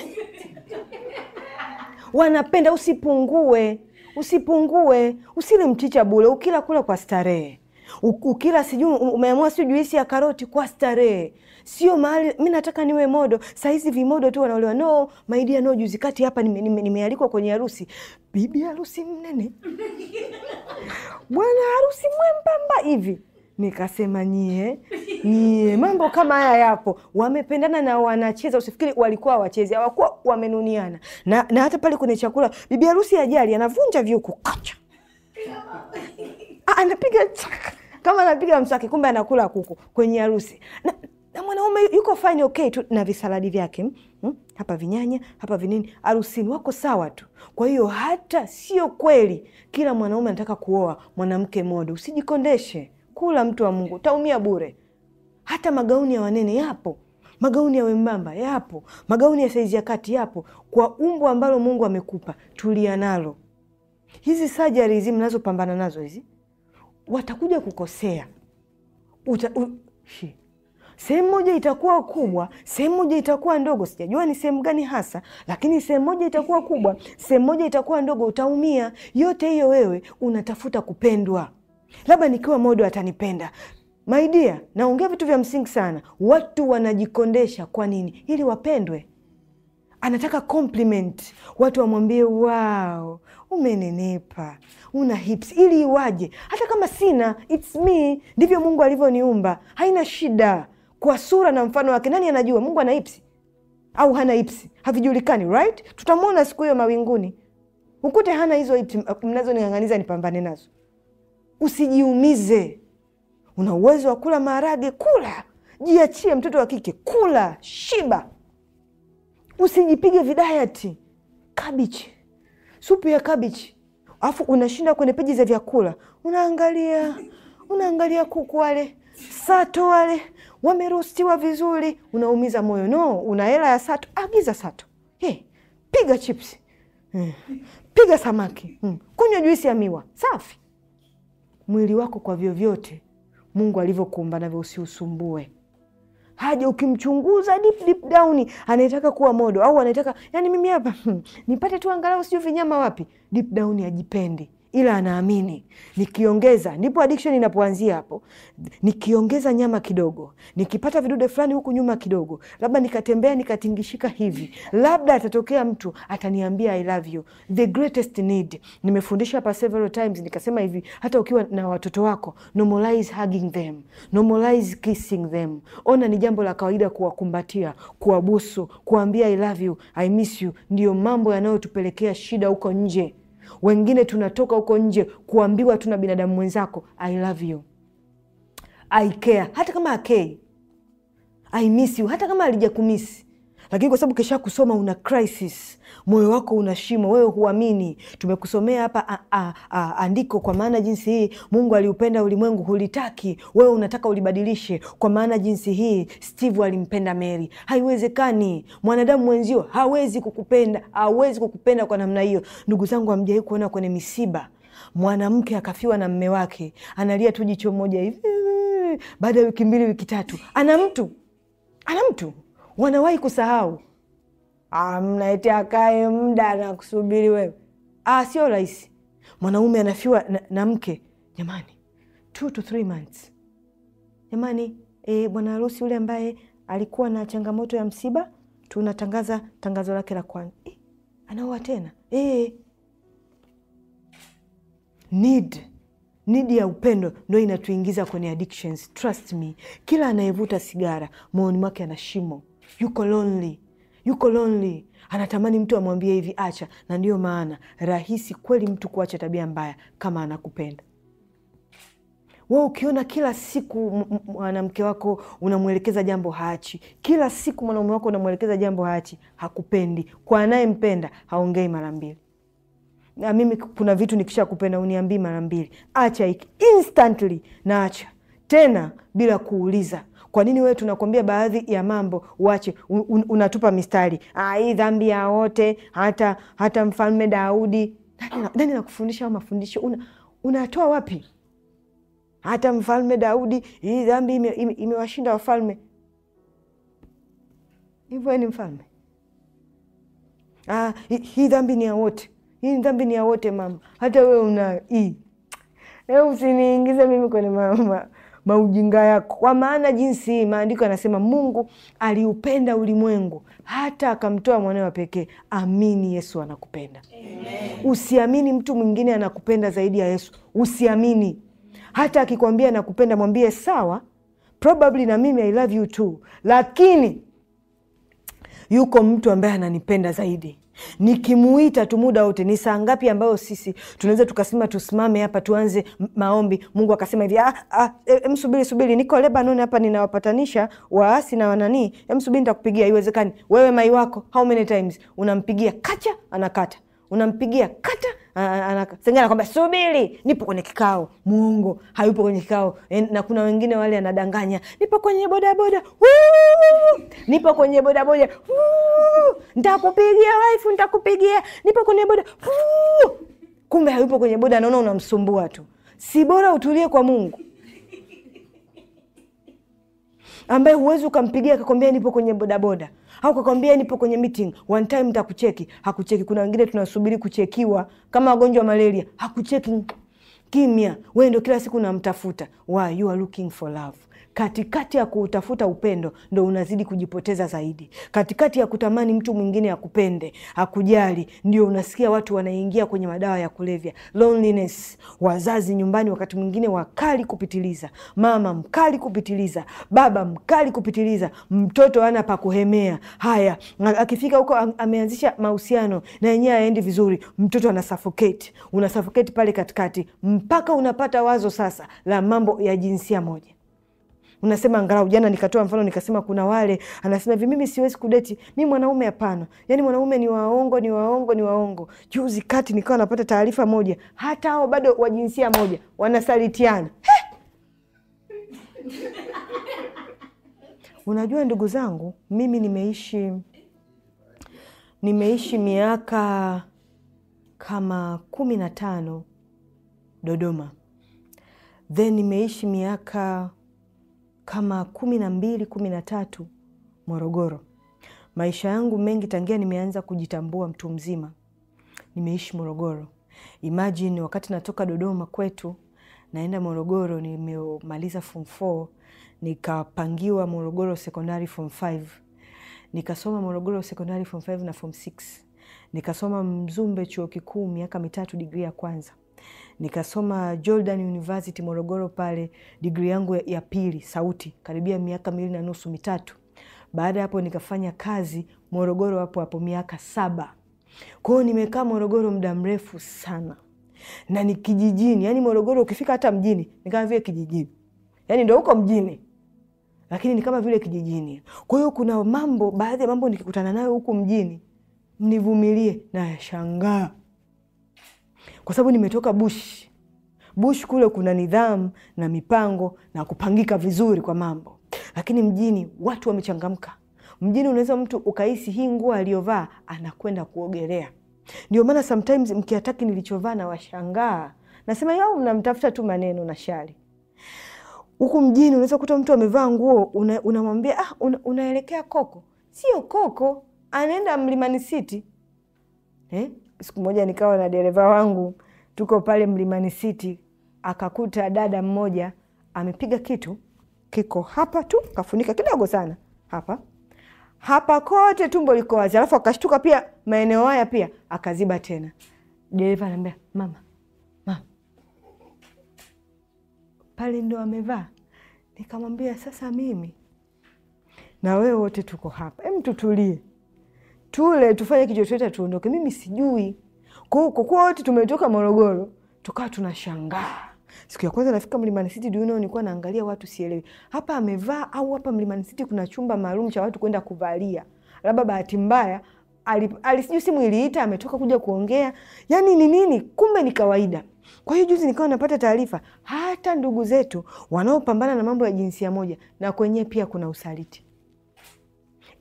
S1: wanapenda usipungue, usipungue, usile mchicha bule, ukila kula kwa starehe ukila sijui umeamua siu juisi ya karoti kwa starehe, sio mahali. Mi nataka niwe modo, sahizi vimodo tu wanaolewa. No maidia, no. Juzi kati hapa nimealikwa nime, nime kwenye harusi, bibi harusi mnene, bwana harusi mwembamba hivi Nikasema nyie nyie, mambo kama haya yapo. Wamependana na wanacheza, usifikiri walikuwa wachezi, hawakuwa wamenuniana na, na hata pale kwenye chakula bibi harusi ajali anavunja vyuku kacha, anapiga chaka kama anapiga mswaki, kumbe anakula kuku kwenye harusi na, na mwanaume yuko fine okay tu na visaladi vyake hmm? hapa vinyanya hapa vinini, harusini wako sawa tu. Kwa hiyo hata sio kweli kila mwanaume anataka kuoa mwanamke modo. Usijikondeshe, kula mtu wa Mungu, taumia bure. Hata magauni ya wanene yapo, magauni ya wembamba yapo, magauni ya saizi ya kati yapo. Kwa umbo ambalo Mungu amekupa, tulia nalo. Hizi sajari hizi mnazopambana nazo hizi watakuja kukosea Uta, u... sehemu moja itakuwa kubwa, sehemu moja itakuwa ndogo. Sijajua ni sehemu gani hasa, lakini sehemu moja itakuwa kubwa, sehemu moja itakuwa ndogo, utaumia. Yote hiyo wewe unatafuta kupendwa, labda nikiwa modo atanipenda. Maidia, naongea vitu vya msingi sana. Watu wanajikondesha kwa nini? Ili wapendwe. Anataka compliment, watu wamwambie wow, umenenepa, una hips ili iwaje? Hata kama sina, it's me, ndivyo Mungu alivyoniumba, haina shida, kwa sura na mfano wake. Nani anajua Mungu ana hips au hana hips? Havijulikani, right? Tutamwona siku hiyo mawinguni, ukute hana hizo hips mnazoning'ang'aniza nipambane nazo. Usijiumize. Una uwezo wa kula maharage, kula. Jiachie mtoto wa kike, kula, shiba. Usijipige vidayati, kabichi supu ya kabichi, alafu unashinda kwenye peji za vyakula, unaangalia unaangalia kuku wale sato wale wamerostiwa vizuri, unaumiza moyo. No, una hela ya sato, agiza sato. Hey, piga chips hmm. Piga samaki hmm. Kunywa juisi ya miwa safi. Mwili wako kwa vyovyote Mungu alivyokuumba navyo usiusumbue haja ukimchunguza deep deep down anaitaka kuwa modo au anaitaka yani mimi hapa nipate tu angalau sio vinyama wapi, deep down ajipende ila anaamini nikiongeza, ndipo addiction inapoanzia hapo. Nikiongeza nyama kidogo, nikipata vidude fulani huku nyuma kidogo, labda nikatembea nikatingishika hivi, labda atatokea mtu ataniambia I love you, the greatest need. Nimefundisha hapa several times, nikasema hivi, hata ukiwa na watoto wako, normalize hugging them, normalize kissing them. Ona ni jambo la kawaida kuwakumbatia, kuwabusu, kuambia I love you, I miss you. Ndiyo mambo yanayotupelekea shida huko nje. Wengine tunatoka huko nje kuambiwa tu na binadamu mwenzako I love you, I care, hata kama akei, I miss you, hata kama alija kumisi lakini kwa sababu kisha kusoma una crisis, moyo wako una shimo, wewe huamini. Tumekusomea hapa andiko, kwa maana jinsi hii Mungu aliupenda ulimwengu, hulitaki wewe, unataka ulibadilishe, kwa maana jinsi hii Steve alimpenda Mary. Haiwezekani, mwanadamu mwenzio hawezi kukupenda, hawezi kukupenda kwa namna hiyo. Ndugu zangu, hamjawahi kuona kwenye misiba mwanamke akafiwa na mme wake, analia tu jicho moja hivi, baada ya wiki mbili, wiki tatu, ana mtu, ana mtu wanawahi kusahau. Ah, Mnaete akae muda na kusubiri wewe, ah, sio rahisi. Mwanaume anafiwa na, na mke jamani, two to three months jamani. E, bwana harusi yule ambaye alikuwa na changamoto ya msiba tunatangaza tangazo lake la kwanza e, anaoa tena e. Need nidi ya upendo ndo inatuingiza kwenye addictions. Trust me, kila anayevuta sigara moyoni mwake ana shimo yuko lonely, yuko lonely, anatamani mtu amwambie hivi acha. Na ndiyo maana rahisi kweli mtu kuacha tabia mbaya kama anakupenda wewe. Ukiona kila siku mwanamke wako unamwelekeza jambo haachi, kila siku mwanaume wako unamwelekeza jambo haachi, hakupendi. Kwa anayempenda haongei mara mbili. Na mimi kuna vitu nikisha kupenda uniambii mara mbili, acha hiki instantly, naacha tena bila kuuliza kwa nini wewe tunakwambia baadhi ya mambo uache, un, unatupa mistari ah, hii dhambi ya wote, hata hata mfalme Daudi. Nani nakufundisha au mafundisho una, unatoa wapi? Hata mfalme Daudi, hii dhambi imewashinda ime, ime wafalme hivyo ni mfalme ah, hii dhambi ni ya wote, hii dhambi ni ya wote mama, hata wewe una hii. Usiniingize mimi kwenye mama maujinga yako, kwa maana jinsi hii maandiko yanasema Mungu aliupenda ulimwengu hata akamtoa mwanae wa pekee. Amini Yesu anakupenda. Amen. Usiamini mtu mwingine anakupenda zaidi ya Yesu, usiamini. Hata akikwambia anakupenda, mwambie sawa, probably na mimi I love you too, lakini yuko mtu ambaye ananipenda zaidi nikimuita tu muda wote. Ni saa ngapi ambayo sisi tunaweza tukasema tusimame hapa tuanze maombi? Mungu akasema hivi, ah, ah, e, msubiri subiri niko Lebanon hapa, ninawapatanisha waasi na wananii, msubiri ntakupigia nitakupigia. Iwezekani wewe mai wako how many times unampigia kacha, anakata unampigia kata Sengera kwamba subiri, nipo kwenye kikao. Muongo, hayupo kwenye kikao. E, na kuna wengine wale anadanganya, nipo kwenye bodaboda, nipo kwenye bodaboda, ntakupigia waifu, ntakupigia, nipo kwenye boda. Woo! Kumbe hayupo kwenye boda, naona unamsumbua tu. Si bora utulie kwa Mungu ambaye huwezi ukampigia akakwambia nipo kwenye bodaboda au kakwambia nipo kwenye meeting one time nitakucheki, hakucheki. Kuna wengine tunasubiri kuchekiwa kama wagonjwa malaria, hakucheki, kimya. Wewe ndio kila siku namtafuta Why you are looking for love katikati ya kuutafuta upendo ndo unazidi kujipoteza zaidi. Katikati ya kutamani mtu mwingine akupende, akujali, ndio unasikia watu wanaingia kwenye madawa ya kulevya. Loneliness, wazazi nyumbani wakati mwingine wakali kupitiliza, mama mkali kupitiliza, baba mkali kupitiliza, mtoto ana pa kuhemea. Haya, akifika huko ameanzisha mahusiano na yenyewe aendi vizuri, mtoto anasafoketi, unasafoketi pale katikati, mpaka unapata wazo sasa la mambo ya jinsia moja unasema angalau jana nikatoa mfano nikasema kuna wale anasema hivi mimi siwezi kudeti mi mwanaume hapana yani mwanaume ni waongo ni waongo ni waongo juzi kati nikawa napata taarifa moja hata hao bado wa jinsia moja wanasalitiana unajua ndugu zangu mimi nimeishi nimeishi miaka kama kumi na tano dodoma then nimeishi miaka kama kumi na mbili kumi na tatu Morogoro. Maisha yangu mengi tangia nimeanza kujitambua mtu mzima nimeishi Morogoro. Imagine wakati natoka Dodoma kwetu naenda Morogoro, nimemaliza form 4 nikapangiwa Morogoro Secondary form 5 nikasoma Morogoro Secondary form 5 na form 6 nikasoma Mzumbe chuo kikuu miaka mitatu digrii ya kwanza nikasoma Jordan University Morogoro pale digrii yangu ya, pili sauti karibia miaka miwili na nusu mitatu. Baada ya hapo nikafanya kazi Morogoro hapo hapo miaka saba. Kwa hiyo nimekaa Morogoro muda mrefu sana na ni kijijini, yani Morogoro ukifika hata mjini ni kama vile kijijini, yani ndo huko mjini lakini ni kama vile kijijini. Kwa hiyo kuna mambo, baadhi ya mambo nikikutana nayo huku mjini, mnivumilie, nayashangaa kwa sababu nimetoka bush. Bush kule kuna nidhamu na mipango na kupangika vizuri kwa mambo, lakini mjini watu wamechangamka. Mjini unaweza mtu ukahisi hii nguo aliyovaa anakwenda kuogelea. Ndio maana sometimes mkiataki nilichovaa na washangaa, nasema yao, mnamtafuta tu maneno na shari. Huku mjini unaweza kuta mtu amevaa nguo unamwambia una ah, una, unaelekea Koko. Sio Koko, anaenda Mlimani City eh? siku moja nikawa na dereva wangu, tuko pale Mlimani City, akakuta dada mmoja amepiga kitu kiko hapa tu, kafunika kidogo sana hapa hapa, kote tumbo liko wazi, alafu akashtuka pia maeneo haya pia akaziba tena. Dereva anaambia mama, mama pale ndo amevaa. Nikamwambia sasa mimi na wewe wote tuko hapa, em, tutulie tule tufanye kichochote tuondoke, mimi sijui. Kwa kwa kuwa wote tumetoka Morogoro, tukawa tunashangaa Siku ya kwanza nafika Mlimani City do you know, nilikuwa naangalia watu sielewi, hapa amevaa au hapa Mlimani City kuna chumba maalum cha watu kwenda kuvalia. Labda bahati mbaya alisiju simu iliita, ametoka kuja kuongea, yani ni nini? Kumbe ni kawaida. Kwa hiyo juzi nikawa napata taarifa hata ndugu zetu wanaopambana na mambo ya jinsia moja na kwenyewe pia kuna usaliti,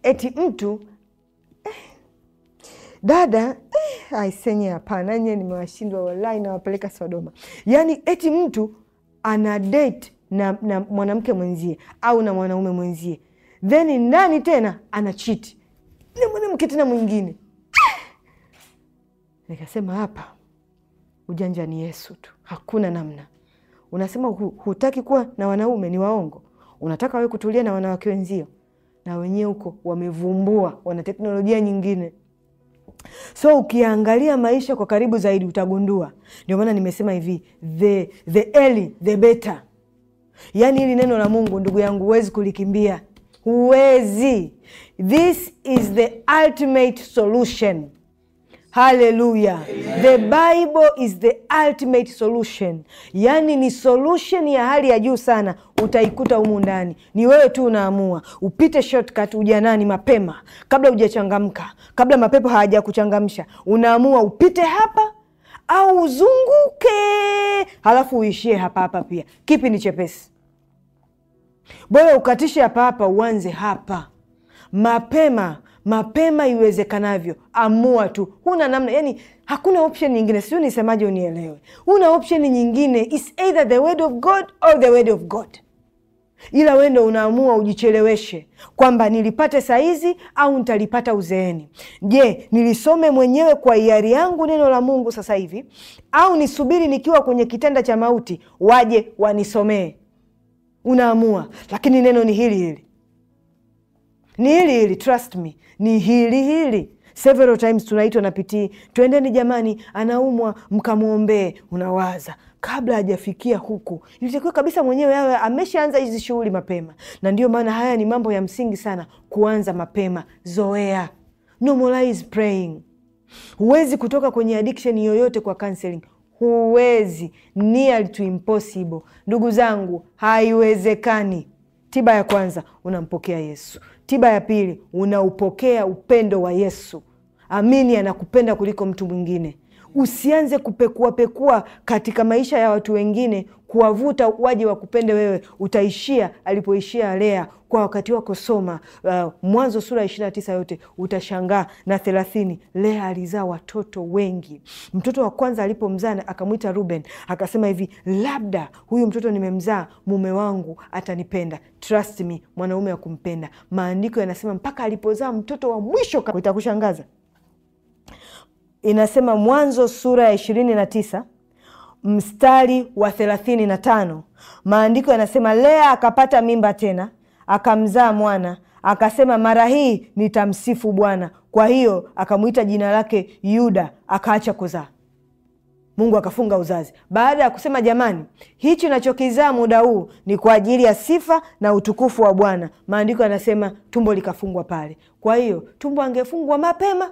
S1: eti mtu dada eh, aisenye hapana, nye nimewashindwa wallahi, nawapeleka Sodoma. Yaani eti mtu ana date na, na mwanamke mwenzie au na mwanaume mwenzie then ndani tena ana chiti na mwanamke tena mwingine. Ah! Nikasema hapa ujanja ni Yesu tu, hakuna namna. Unasema hu, hutaki kuwa na wanaume, ni waongo. Unataka wewe kutulia na wanawake wenzio, na wenyewe huko wamevumbua, wana teknolojia nyingine So ukiangalia maisha kwa karibu zaidi utagundua. Ndio maana nimesema hivi the, the early the better. Yaani hili neno la Mungu ndugu yangu, huwezi kulikimbia, huwezi. This is the ultimate solution. Haleluya! The Bible is the ultimate solution, yaani ni solution ya hali ya juu sana. Utaikuta humu ndani, ni wewe tu unaamua upite shortcut ujanani mapema, kabla hujachangamka, kabla mapepo hayajakuchangamsha. Unaamua upite hapa au uzunguke, halafu uishie hapa hapa. Pia kipi ni chepesi? Bora ukatishe hapa hapa, uanze hapa mapema mapema iwezekanavyo. Amua tu, huna namna, yani hakuna option nyingine. Sijui nisemaje, unielewe. Huna option nyingine, is either the word of God or the word of God, ila we ndo unaamua ujicheleweshe kwamba nilipate sahizi au ntalipata uzeeni. Je, nilisome mwenyewe kwa hiari yangu neno la Mungu sasa hivi au nisubiri nikiwa kwenye kitanda cha mauti waje wanisomee? Unaamua, lakini neno ni hili hili ni hili hili, trust me, ni hili hili several times tunaitwa na pitii, e. twendeni jamani, anaumwa mkamwombee. Unawaza kabla hajafikia huku, ilitakiwa kabisa mwenyewe awe ameshaanza hizi shughuli mapema, na ndiyo maana haya ni mambo ya msingi sana kuanza mapema. Zoea, normalize praying. Huwezi kutoka kwenye addiction yoyote kwa counseling, huwezi, near to impossible. Ndugu zangu, haiwezekani. Tiba ya kwanza unampokea Yesu. Tiba ya pili unaupokea upendo wa Yesu. Amini, anakupenda kuliko mtu mwingine. Usianze kupekuapekua katika maisha ya watu wengine kuwavuta waje wakupende wewe. Utaishia alipoishia Lea kwa wakati wako. Soma uh, Mwanzo sura ishirini na tisa yote utashangaa na thelathini. Lea alizaa watoto wengi. Mtoto wa kwanza alipomzaa akamwita Ruben, akasema hivi, labda huyu mtoto nimemzaa mume wangu atanipenda. Trust me, mwanaume kumpenda Maandiko yanasema mpaka alipozaa mtoto wa mwisho, itakushangaza inasema Mwanzo sura ya ishirini na tisa mstari wa thelathini na tano maandiko yanasema, Lea akapata mimba tena akamzaa mwana, akasema mara hii nitamsifu Bwana. Kwa hiyo akamwita jina lake Yuda, akaacha kuzaa. Mungu akafunga uzazi baada ya kusema, jamani, hichi nachokizaa muda huu ni kwa ajili ya sifa na utukufu wa Bwana. Maandiko yanasema tumbo likafungwa pale. Kwa hiyo tumbo angefungwa mapema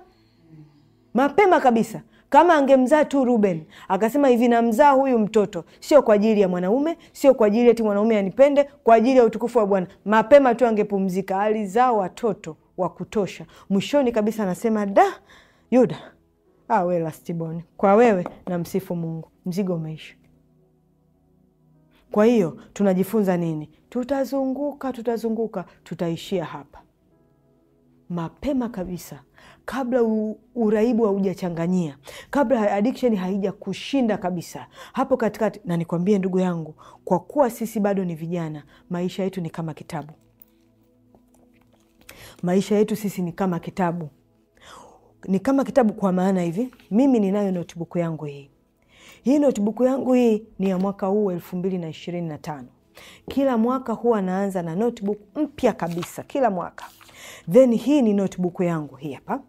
S1: mapema kabisa kama angemzaa tu Ruben akasema hivi, namzaa huyu mtoto sio kwa ajili ya mwanaume, sio kwa ajili eti mwanaume anipende, kwa ajili ya utukufu wa Bwana, mapema tu angepumzika. Alizaa watoto wa kutosha. Mwishoni kabisa anasema da, Yuda awe ah, lastiboni, kwa wewe na msifu Mungu, mzigo umeisha. Kwa hiyo tunajifunza nini? Tutazunguka, tutazunguka, tutaishia hapa. Mapema kabisa kabla uraibu haujachanganyia, kabla addiction haija kushinda kabisa, hapo katikati. Na nikwambie ndugu yangu, kwa kuwa sisi bado ni vijana, maisha yetu ni kama kitabu. Maisha yetu sisi ni kama kitabu, ni kama kitabu. Kwa maana hivi, mimi ninayo notbuku yangu hii hii notbuku yangu hii ni ya mwaka huu elfu mbili na ishirini na tano. Kila mwaka huwa naanza na notbuk mpya kabisa, kila mwaka. Then hii ni notbuku yangu hii hapa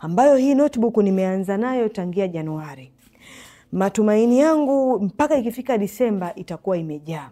S1: ambayo hii notebook nimeanza nayo tangia Januari. Matumaini yangu mpaka ikifika Disemba itakuwa imejaa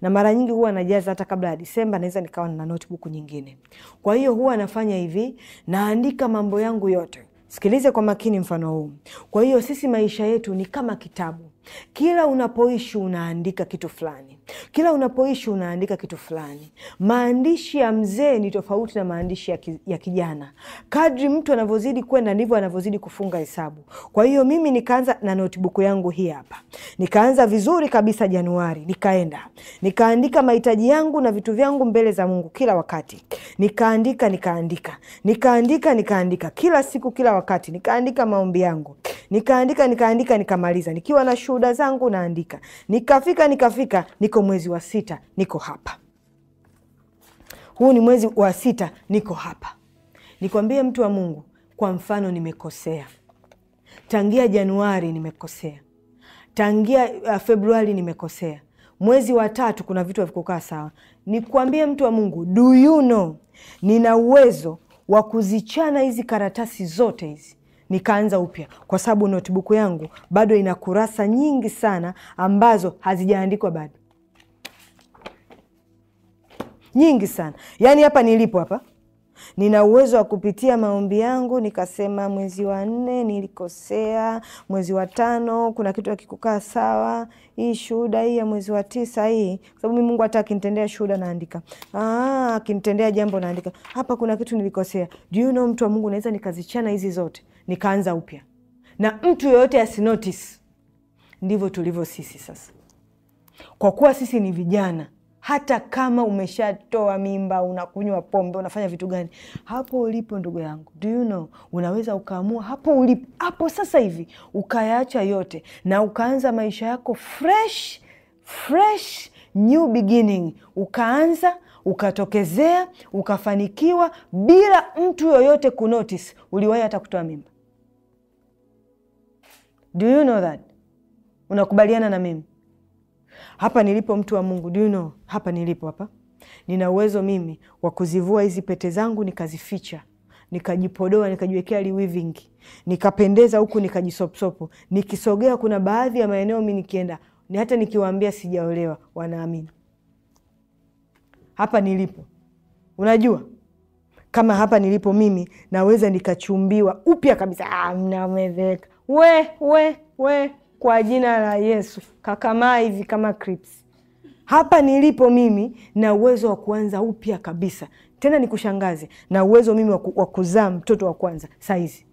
S1: na mara nyingi huwa najaza hata kabla ya Disemba, naweza nikawa na notebook nyingine. Kwa hiyo huwa nafanya hivi, naandika mambo yangu yote. Sikilize kwa makini mfano huu. Kwa hiyo sisi maisha yetu ni kama kitabu, kila unapoishi unaandika kitu fulani kila unapoishi unaandika kitu fulani. Maandishi ya mzee ni tofauti na maandishi ya, ki, ya kijana. Kadri mtu anavyozidi kwenda ndivyo anavyozidi kufunga hesabu. Kwa hiyo mimi nikaanza na notebook yangu hii hapa, nikaanza vizuri kabisa Januari, nikaenda nikaandika mahitaji yangu na vitu vyangu mbele za Mungu kila wakati, nikaandika nikaandika nikaandika nikaandika kila siku kila wakati, nikaandika maombi yangu nikaandika nikaandika nikamaliza, nikiwa na shuhuda zangu naandika, nikafika nikafika nika niko mwezi wa sita niko hapa, huu ni mwezi wa sita niko hapa. Nikwambie mtu wa Mungu, kwa mfano nimekosea tangia Januari, nimekosea tangia uh, Februari, nimekosea mwezi wa tatu, kuna vitu havikukaa sawa. Nikwambie mtu wa Mungu, do you know, nina uwezo wa kuzichana hizi karatasi zote hizi nikaanza upya, kwa sababu notebook yangu bado ina kurasa nyingi sana ambazo hazijaandikwa bado nyingi sana. Yaani hapa nilipo hapa nina uwezo wa kupitia maombi yangu nikasema, mwezi wa nne nilikosea, mwezi wa tano kuna kitu akikukaa sawa, hii shuhuda hii ya mwezi wa tisa hii, kwa sababu Mungu hata akinitendea shuhuda naandika, ah, akinitendea jambo naandika, hapa kuna kitu nilikosea. Do you know, mtu wa Mungu, naweza nikazichana hizi zote nikaanza upya, na mtu yoyote asinotis Ndivyo tulivyo sisi sasa, kwa kuwa sisi ni vijana hata kama umeshatoa mimba, unakunywa pombe, unafanya vitu gani, hapo ulipo ndugu yangu, do you know, unaweza ukaamua hapo ulipo, hapo sasa hivi ukayaacha yote na ukaanza maisha yako fresh fresh, new beginning, ukaanza ukatokezea ukafanikiwa bila mtu yoyote kunotice uliwahi hata kutoa mimba. Do you know that? Unakubaliana na mimi? hapa nilipo, mtu wa Mungu, do you know, hapa nilipo, hapa nina uwezo mimi wa kuzivua hizi pete zangu nikazificha nikajipodoa nikajiwekea liwivingi nikapendeza huku nikajisopsopo. Nikisogea kuna baadhi ya maeneo mi nikienda ni hata nikiwaambia sijaolewa wanaamini. Hapa nilipo, unajua kama hapa nilipo mimi naweza nikachumbiwa upya kabisa. Ah, mnamezeka we we we kwa jina la Yesu, kakamaa hivi kama crips. Hapa nilipo mimi na uwezo wa kuanza upya kabisa, tena nikushangaze, na uwezo mimi wa kuzaa mtoto wa kwanza saizi.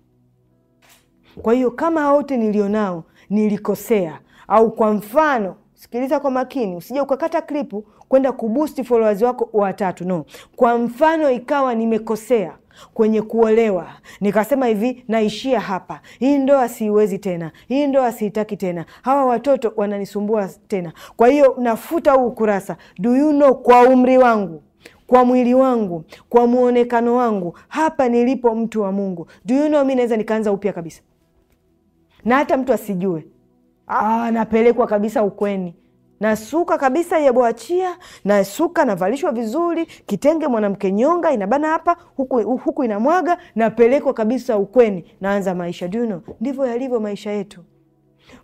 S1: Kwa hiyo kama wote nilionao nilikosea, au kwa mfano, sikiliza kwa makini, usije ukakata klipu kwenda kuboost followers wako watatu. No, kwa mfano ikawa nimekosea kwenye kuolewa, nikasema hivi, naishia hapa. Hii ndoa siiwezi tena, hii ndoa siitaki tena, hawa watoto wananisumbua tena, kwa hiyo nafuta huu ukurasa. Do you know, kwa umri wangu kwa mwili wangu, kwa mwonekano wangu, hapa nilipo, mtu wa Mungu, do you know, mi naweza nikaanza upya kabisa, na hata mtu asijue. Ah, napelekwa kabisa ukweni, nasuka kabisa yeboachia, nasuka navalishwa vizuri kitenge, mwanamke nyonga inabana hapa huku, huku inamwaga, napelekwa kabisa ukweni, naanza maisha. duno you know? Ndivyo yalivyo maisha yetu.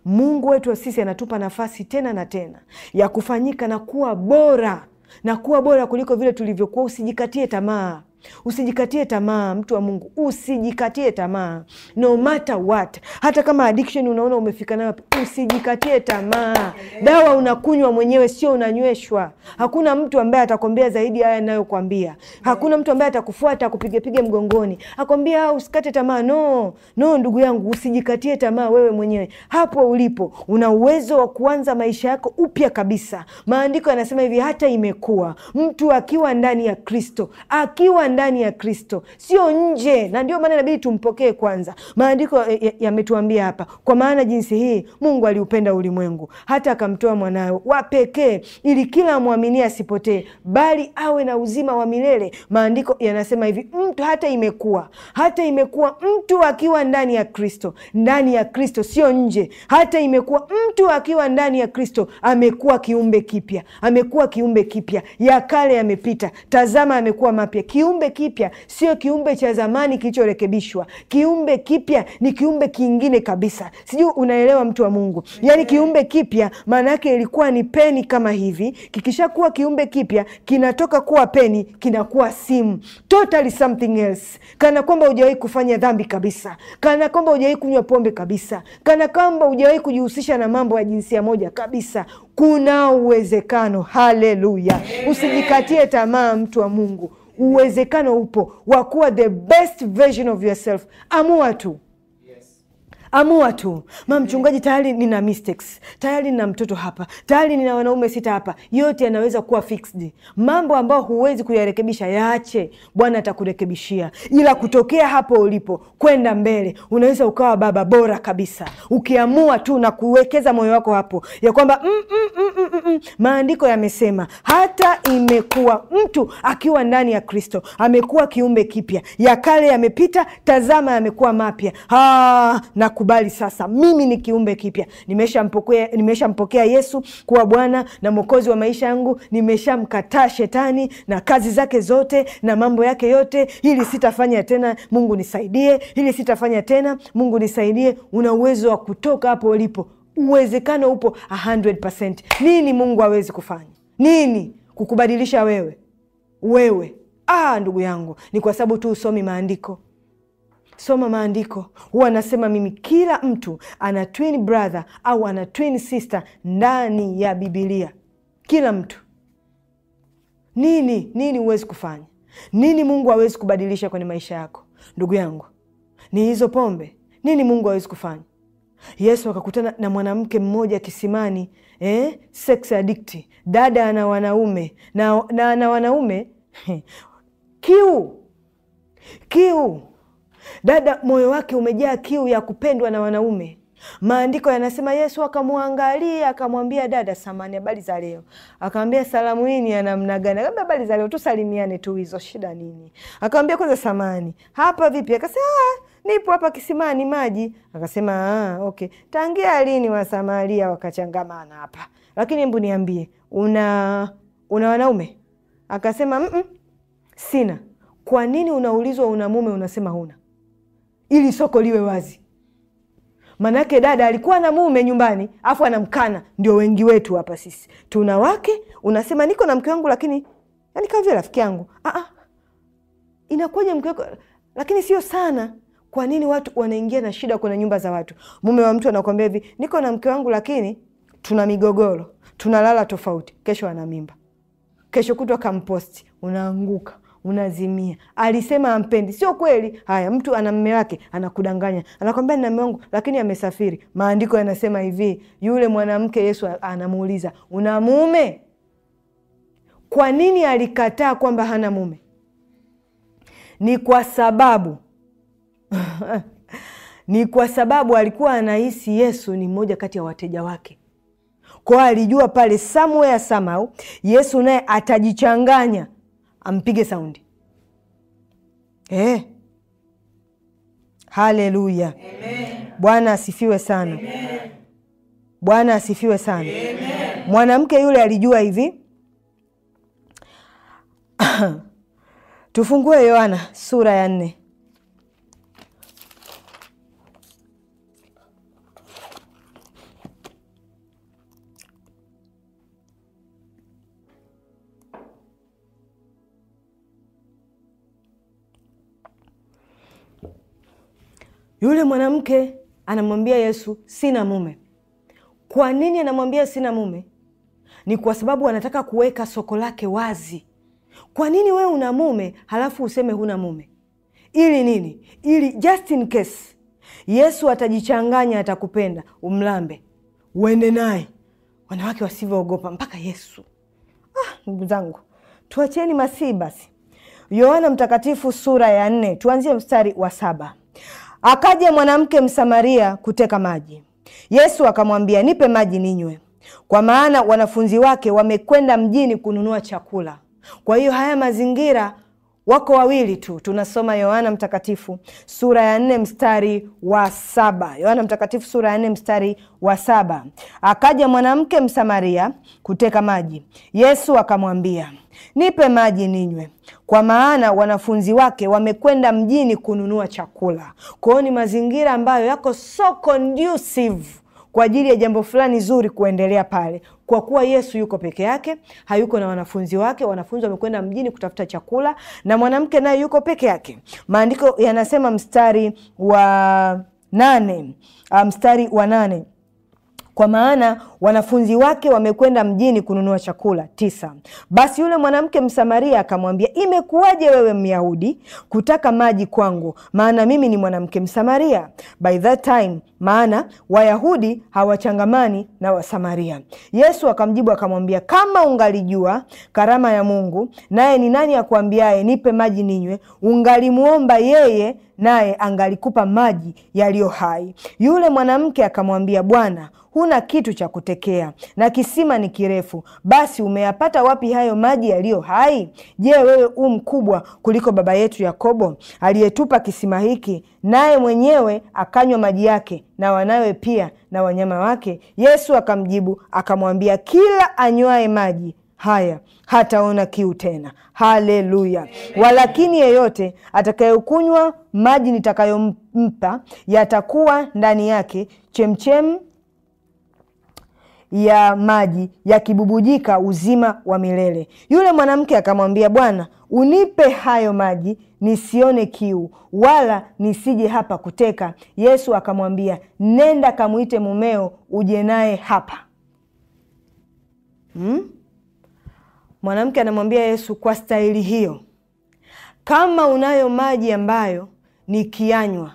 S1: Mungu wetu sisi anatupa nafasi tena na tena ya kufanyika na kuwa bora na kuwa bora kuliko vile tulivyokuwa. Usijikatie tamaa. Usijikatie tamaa, mtu wa Mungu, usijikatie tamaa no matter what. Hata kama addiction unaona umefika nayo usijikatie tamaa. Dawa unakunywa mwenyewe, sio unanyweshwa. Hakuna mtu ambaye atakwambia zaidi haya anayokwambia. Hakuna mtu ambaye atakufuata akupigepiga mgongoni akwambia ah, usikate tamaa. No, no, ndugu yangu, usijikatie tamaa wewe mwenyewe. Hapo ulipo una uwezo wa kuanza maisha yako upya kabisa. Maandiko yanasema hivi, hata imekuwa mtu akiwa ndani ya Kristo akiwa ndani ya Kristo, sio nje, na ndio maana inabidi tumpokee kwanza. Maandiko eh, yametuambia hapa, kwa maana jinsi hii Mungu aliupenda ulimwengu hata akamtoa mwanawe wa pekee, ili kila mwamini asipotee, bali awe na uzima wa milele. Maandiko yanasema hivi, mtu hata imekuwa hata imekuwa mtu akiwa ndani ya Kristo, ndani ya Kristo, sio nje. Hata imekuwa mtu akiwa ndani ya Kristo, amekuwa kiumbe kipya, amekuwa kiumbe kipya, ya kale yamepita, tazama amekuwa mapya kiumbe kiumbe kipya sio kiumbe cha zamani kilichorekebishwa. Kiumbe kipya ni kiumbe kingine kabisa, sijui unaelewa, mtu wa Mungu. Yani kiumbe kipya maana yake ilikuwa ni peni kama hivi, kikishakuwa kiumbe kipya kinatoka kuwa peni kinakuwa simu, totally something else, kana kwamba hujawahi kufanya dhambi kabisa, kana kwamba hujawahi kunywa pombe kabisa, kana kwamba hujawahi kujihusisha na mambo ya jinsia moja kabisa. Kuna uwezekano. Haleluya! Usijikatie tamaa, mtu wa Mungu uwezekano upo wa kuwa the best version of yourself. Amua tu. Amua tu ma mchungaji, tayari nina mistakes, tayari nina mtoto hapa, tayari nina wanaume sita hapa. Yote yanaweza kuwa fixed. Mambo ambayo huwezi kuyarekebisha yaache, Bwana atakurekebishia. Ila kutokea hapo ulipo kwenda mbele, unaweza ukawa baba bora kabisa, ukiamua tu na kuwekeza moyo wako hapo ya kwamba mm, mm, mm, mm, mm. mm. Maandiko yamesema hata imekuwa mtu akiwa ndani ya Kristo amekuwa kiumbe kipya, ya kale yamepita, tazama yamekuwa mapya ah, na nakubali sasa, mimi ni kiumbe kipya, nimeshampokea nimeshampokea Yesu kuwa Bwana na Mwokozi wa maisha yangu, nimeshamkataa shetani na kazi zake zote na mambo yake yote. Hili sitafanya tena, Mungu nisaidie, hili sitafanya tena, Mungu nisaidie. Una uwezo wa kutoka hapo ulipo, uwezekano upo 100%. Nini Mungu hawezi kufanya? Nini kukubadilisha wewe? Wewe ah, ndugu yangu, ni kwa sababu tu usomi maandiko soma maandiko huwa anasema mimi, kila mtu ana twin brother au ana twin sister ndani ya Bibilia. Kila mtu nini nini huwezi kufanya nini, Mungu hawezi kubadilisha kwenye maisha yako ndugu yangu, ni hizo pombe. Nini Mungu hawezi kufanya? Yesu akakutana na mwanamke mmoja kisimani, eh, sex addict, dada ana wanaume na ana wanaume kiu kiu Dada moyo wake umejaa kiu ya kupendwa na wanaume. Maandiko yanasema Yesu akamwangalia akamwambia, dada samani, habari za leo? Akamwambia, salamu hii ni ya namna gani? Akamwambia, habari za leo, tusalimiane tu, hizo shida nini? Akamwambia, kwanza samani, hapa vipi? Akasema, ah, nipo hapa kisimani maji. Akasema, ah, okay, tangia lini Wasamaria wakachangamana hapa? Lakini mbu niambie, una una wanaume? Akasema, mm -mm, sina. Kwa nini unaulizwa una mume unasema huna? ili soko liwe wazi. Manake dada alikuwa na mume nyumbani, afu anamkana. Ndio wengi wetu hapa sisi, tuna wake, unasema niko na mke wangu, lakini yani kama vile rafiki yangu. Ah, ah. inakuwaje mke wako? Lakini sio sana. Kwa nini watu wanaingia na shida kwenye nyumba za watu? Mume wa mtu anakwambia hivi, niko na mke wangu, lakini tuna migogoro, tunalala tofauti. Kesho ana mimba, kesho kutwa kamposti, unaanguka unazimia, alisema ampendi, sio kweli. Haya, mtu ana mme wake anakudanganya, anakwambia nina mme wangu lakini amesafiri. Maandiko yanasema hivi, yule mwanamke Yesu anamuuliza una mume? Kwa nini alikataa kwamba hana mume? Ni kwa sababu ni kwa sababu alikuwa anahisi Yesu ni mmoja kati ya wateja wake. kwao. alijua pale somewhere somehow Yesu naye atajichanganya ampige saundi eh. Haleluya, Bwana asifiwe sana Amen. Bwana asifiwe sana Amen. Mwanamke yule alijua hivi tufungue Yohana sura ya nne Yule mwanamke anamwambia Yesu, sina mume. Kwa nini anamwambia sina mume? Ni kwa sababu anataka kuweka soko lake wazi. Kwa nini wewe una mume halafu useme huna mume? Ili nini? Ili just in case Yesu atajichanganya, atakupenda, umlambe, uende naye. Wanawake wasivyoogopa mpaka Yesu. Ah, ndugu zangu, tuacheni masii basi. Yohana Mtakatifu sura ya nne tuanzie mstari wa saba. Akaja mwanamke Msamaria kuteka maji. Yesu akamwambia, nipe maji ninywe, kwa maana wanafunzi wake wamekwenda mjini kununua chakula. Kwa hiyo haya mazingira wako wawili tu. Tunasoma Yohana Mtakatifu sura ya nne mstari wa saba. Yohana Mtakatifu sura ya nne mstari wa saba. Akaja mwanamke Msamaria kuteka maji. Yesu akamwambia, nipe maji ninywe, kwa maana wanafunzi wake wamekwenda mjini kununua chakula. Kwa ni mazingira ambayo yako so conducive kwa ajili ya jambo fulani zuri kuendelea pale, kwa kuwa Yesu yuko peke yake, hayuko na wanafunzi wake. Wanafunzi wamekwenda mjini kutafuta chakula, na mwanamke naye yuko peke yake. Maandiko yanasema mstari wa nane, ah, mstari wa nane kwa maana wanafunzi wake wamekwenda mjini kununua chakula. tisa. Basi yule mwanamke Msamaria akamwambia, imekuwaje wewe Myahudi kutaka maji kwangu, maana mimi ni mwanamke Msamaria? By that time maana Wayahudi hawachangamani na Wasamaria. Yesu akamjibu akamwambia, kama ungalijua karama ya Mungu, naye ni nani akuambiaye nipe maji ninywe, ungalimwomba yeye, naye angalikupa maji yaliyo hai. Yule mwanamke akamwambia, Bwana, huna kitu cha kutekea na kisima ni kirefu, basi umeyapata wapi hayo maji yaliyo hai? Je, wewe u mkubwa kuliko baba yetu Yakobo aliyetupa kisima hiki, naye mwenyewe akanywa maji yake na wanawe pia na wanyama wake. Yesu akamjibu akamwambia, kila anywaye maji haya hataona kiu tena. Haleluya! Walakini yeyote atakayekunywa maji nitakayompa yatakuwa ndani yake chemchem ya maji yakibubujika uzima wa milele. Yule mwanamke akamwambia, Bwana, unipe hayo maji nisione kiu wala nisije hapa kuteka. Yesu akamwambia, nenda kamwite mumeo uje naye hapa. hmm? Mwanamke anamwambia Yesu, kwa stahili hiyo, kama unayo maji ambayo nikianywa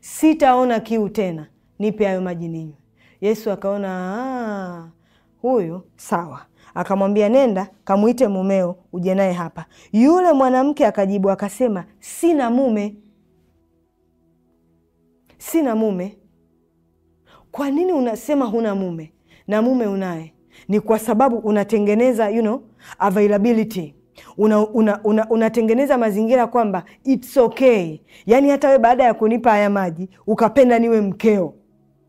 S1: sitaona kiu tena, nipe hayo maji ninywe. Yesu akaona ah, huyu sawa, akamwambia nenda kamwite mumeo uje naye hapa. Yule mwanamke akajibu akasema, sina mume, sina mume. Kwa nini unasema huna mume na mume unaye? Ni kwa sababu unatengeneza you know, availability unatengeneza una, una, una mazingira kwamba it's okay, yaani hata we baada ya kunipa haya maji ukapenda niwe mkeo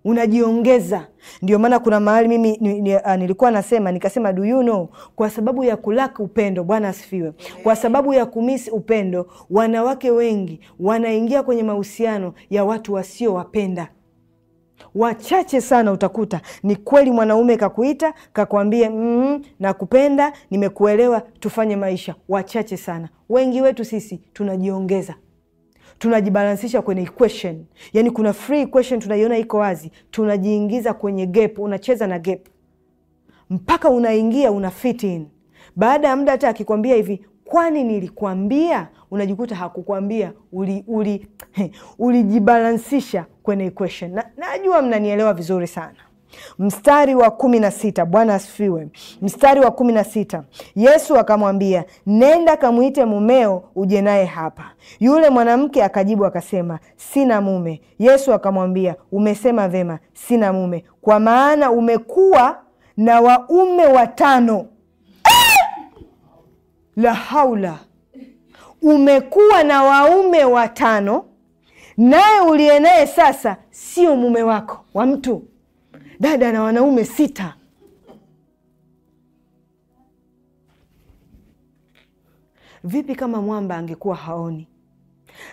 S1: unajiongeza. Ndio maana kuna mahali mimi ah, nilikuwa nasema nikasema, do you know, kwa sababu ya kulaki upendo, Bwana asifiwe, kwa sababu ya kumisi upendo, wanawake wengi wanaingia kwenye mahusiano ya watu wasiowapenda wachache sana utakuta ni kweli mwanaume kakuita kakwambia mm, nakupenda, nimekuelewa, tufanye maisha. Wachache sana. Wengi wetu sisi tunajiongeza tunajibalansisha kwenye equation, yani kuna free equation tunaiona iko wazi, tunajiingiza kwenye gap, unacheza na gap mpaka unaingia una fit in. Baada ya muda hata akikwambia hivi, kwani nilikwambia, unajikuta hakukwambia, ulijibalansisha uli, uli kwenye equation. Na najua mnanielewa vizuri sana mstari wa kumi na sita. Bwana asifiwe. Mstari wa kumi na sita, Yesu akamwambia, nenda kamwite mumeo uje naye hapa. Yule mwanamke akajibu akasema, sina mume. Yesu akamwambia, umesema vema, sina mume, kwa maana umekuwa na waume watano. La haula! Umekuwa na waume watano, naye uliye naye sasa sio mume wako wa mtu dada na wanaume sita Vipi kama mwamba angekuwa haoni?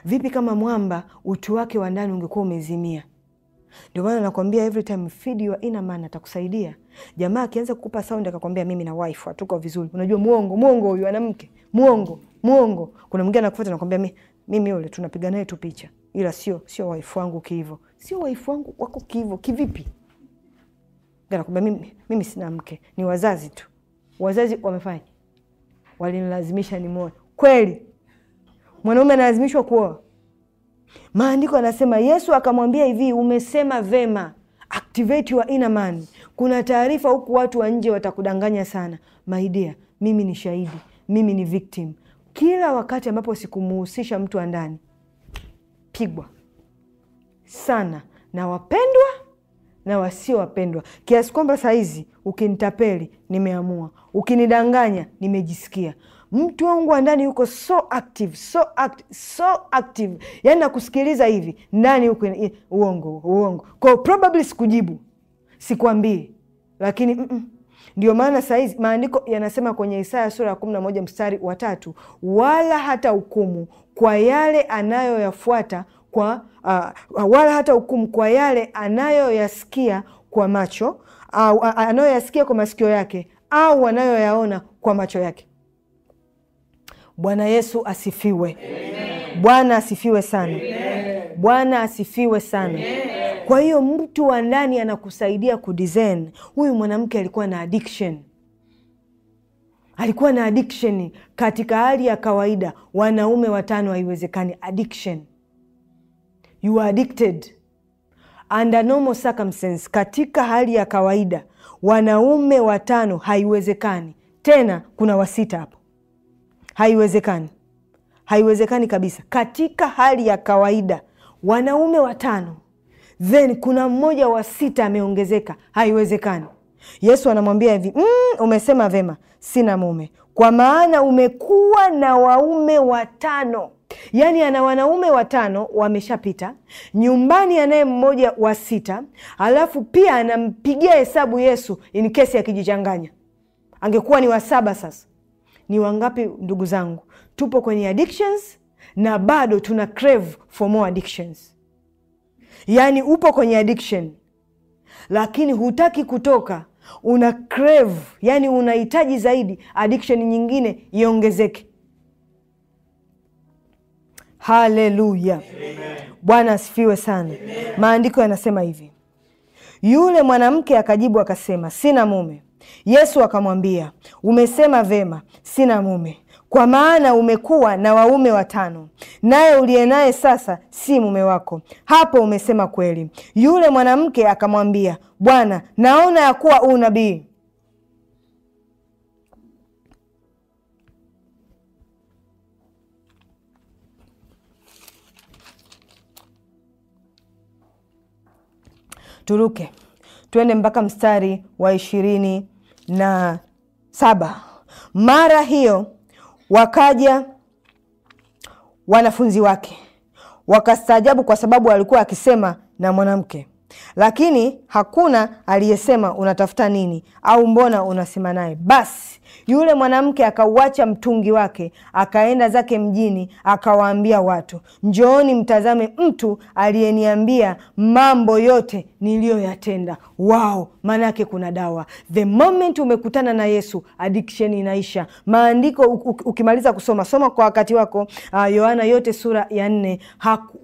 S1: Vipi kama mwamba utu wake wa ndani ungekuwa umezimia? Ndio maana nakwambia every time feed your inner man, atakusaidia. Jamaa akianza kukupa saundi akakwambia mimi na wife hatuko vizuri, unajua mwongo, mwongo huyu anamke mke, mwongo, mwongo. Kuna mwingine anakufuata nakwambia mi, mimi yule tunapiga naye tu picha, ila sio sio wife wangu kiivo, sio wife wangu wako kiivo, kivipi? Nakwambia mimi, mimi sina mke, ni wazazi tu. Wazazi wamefanya, walinilazimisha nimoe. Kweli mwanaume analazimishwa kuoa? Maandiko anasema, Yesu akamwambia hivi, umesema vema, activate your inner man. Kuna taarifa huku, watu wa nje watakudanganya sana. My dear, mimi ni shahidi, mimi ni victim. Kila wakati ambapo sikumuhusisha mtu wa ndani, pigwa sana na wapendwa na wapendwa, kiasi kwamba saizi ukinitapeli nimeamua, ukinidanganya nimejisikia. Mtu wangu wa ndani yuko so active, so act, so active, yani nakusikiliza hivi ndani huko. Uongo, uongo kwao, probably sikujibu, sikwambii, lakini mm -mm. Ndio maana saizi maandiko yanasema kwenye Isaya sura ya kumi na moja mstari wa tatu, wala hata hukumu kwa yale anayoyafuata kwa uh, wala hata hukumu kwa yale anayoyasikia kwa macho au anayoyasikia kwa masikio yake au anayoyaona kwa macho yake. Bwana Yesu asifiwe. Bwana asifiwe sana. Bwana asifiwe sana. Amen. Kwa hiyo mtu wa ndani anakusaidia kudesign. Huyu mwanamke alikuwa na addiction alikuwa na addiction. Katika hali ya kawaida wanaume watano haiwezekani addiction you are addicted under normal circumstance, katika hali ya kawaida wanaume watano haiwezekani tena, kuna wasita hapo, haiwezekani, haiwezekani kabisa. Katika hali ya kawaida wanaume watano, then kuna mmoja wa sita ameongezeka, haiwezekani. Yesu anamwambia hivi, mm, umesema vema, sina mume, kwa maana umekuwa na waume watano yaani ana wanaume watano wameshapita nyumbani, anaye mmoja wa sita, alafu pia anampigia hesabu Yesu in kesi akijichanganya, angekuwa ni wa saba. Sasa ni wangapi ndugu zangu tupo kwenye addictions na bado tuna crave for more addictions? Yaani upo kwenye addiction lakini hutaki kutoka, una crave, yani unahitaji zaidi addiction nyingine iongezeke. Haleluya, Bwana asifiwe sana. Maandiko yanasema hivi, yule mwanamke akajibu akasema, sina mume. Yesu akamwambia, umesema vema, sina mume, kwa maana umekuwa na waume watano, naye uliye naye sasa si mume wako. Hapo umesema kweli. Yule mwanamke akamwambia, Bwana, naona ya kuwa uu nabii turuke tuende mpaka mstari wa ishirini na saba. Mara hiyo wakaja wanafunzi wake wakastaajabu, kwa sababu alikuwa akisema na mwanamke, lakini hakuna aliyesema unatafuta nini, au mbona unasema naye? Basi yule mwanamke akauacha mtungi wake akaenda zake mjini, akawaambia watu, njooni mtazame mtu aliyeniambia mambo yote niliyoyatenda. Wao yake kuna dawa. The moment umekutana na Yesu addiction inaisha. Maandiko ukimaliza kusoma soma kwa wakati wako. Uh, Yohana yote sura ya nne.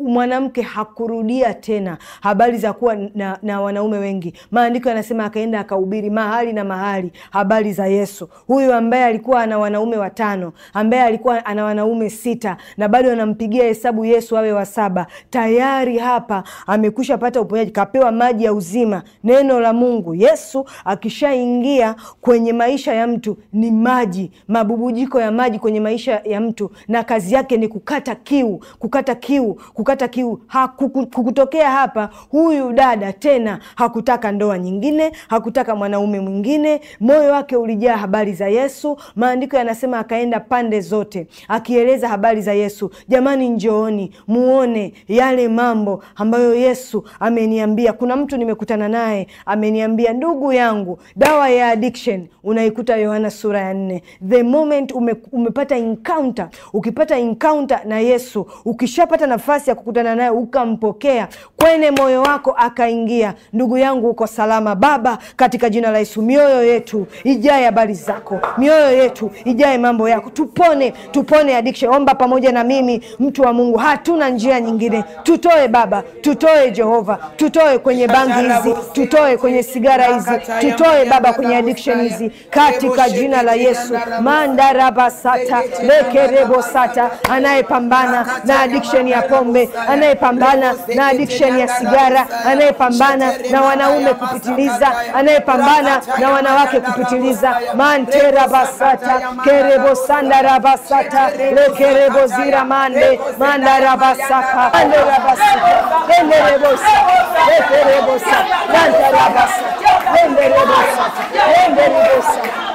S1: Mwanamke hakurudia tena habari za kuwa na, na wanaume wengi. Maandiko yanasema akaenda akahubiri mahali na mahali habari za Yesu huyu ambaye alikuwa ana wanaume watano, ambaye alikuwa ana wanaume sita, na bado anampigia hesabu Yesu awe wa saba. Tayari hapa amekusha pata uponyaji, kapewa maji ya uzima, neno la Mungu. Yesu akishaingia kwenye maisha ya mtu ni maji, mabubujiko ya maji kwenye maisha ya mtu, na kazi yake ni kukata kiu, kukata kiu, kukata kiu. Hakukutokea hapa, huyu dada tena hakutaka ndoa nyingine, hakutaka mwanaume mwingine, moyo wake ulijaa habari za Yesu, maandiko yanasema akaenda pande zote akieleza habari za Yesu. Jamani, njooni muone yale mambo ambayo Yesu ameniambia. Kuna mtu nimekutana naye ameniambia, ndugu yangu, dawa ya addiction unaikuta Yohana sura ya nne. The moment ume, umepata encounter, ukipata encounter na Yesu, ukishapata nafasi ya kukutana naye ukampokea kwenye moyo wako akaingia, ndugu yangu, uko salama. Baba, katika jina la Yesu, mioyo yetu ijae habari zako, mioyo yetu ijae mambo yako, tupone, tupone addiction. Omba pamoja na mimi, mtu wa Mungu, hatuna njia nyingine. Tutoe Baba, tutoe Jehova,
S2: tutoe kwenye bangi hizi, tutoe kwenye sigara hizi, tutoe Baba kwenye addiction hizi, katika jina la Yesu. mandarabasata lekerebosata anayepambana na addiction ya pombe, anayepambana na addiction ya sigara, anayepambana na wanaume kupitiliza, anayepambana na wanawake kupitiliza mantere rabasata kerebo sanda rabasata le kerebo zira mande manda rabasaka manda rabasaka manda rabasaka le kerebo sanda manda rabasaka manda rabasaka manda rabasaka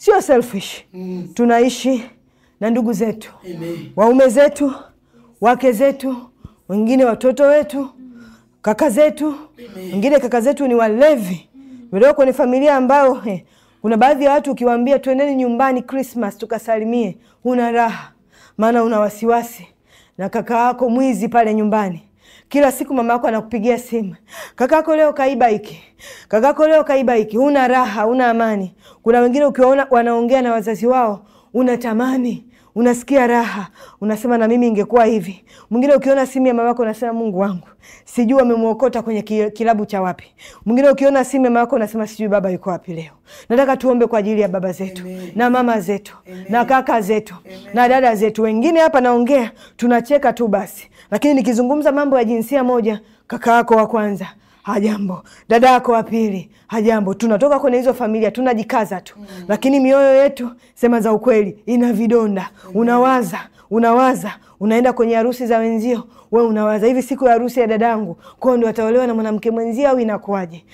S1: sio selfish mm. tunaishi na ndugu zetu Amen. waume zetu wake zetu wengine watoto wetu kaka zetu wengine kaka zetu ni walevi vileo kwenye familia ambayo he, eh, kuna baadhi ya watu ukiwaambia twendeni nyumbani Krismas tukasalimie, una raha, maana una wasiwasi na kaka yako mwizi pale nyumbani kila siku mama yako anakupigia simu, kakako leo kaiba hiki, kakako leo kaiba hiki. Una raha, una amani. Kuna wengine ukiwaona wanaongea na wazazi wao unatamani unasikia raha, unasema na mimi ingekuwa hivi. Mwingine ukiona simu ya mamako unasema Mungu wangu, sijui amemwokota kwenye kilabu cha wapi. Mwingine ukiona simu ya mamako unasema sijui baba yuko wapi leo. Nataka tuombe kwa ajili ya baba zetu Amen. na mama zetu Amen. na kaka zetu Amen. na dada zetu. Wengine hapa naongea tunacheka tu basi, lakini nikizungumza mambo ya jinsia moja, kaka yako wa kwanza Hajambo. Dada yako wa pili, hajambo. Tunatoka kwenye hizo familia, tunajikaza tu mm. Lakini mioyo yetu, sema za ukweli, ina vidonda mm. Unawaza, unawaza unaenda kwenye harusi za wenzio, we unawaza hivi, siku ya harusi ya dadangu kwao ndo ataolewa na mwanamke mwenzie au inakuwaje?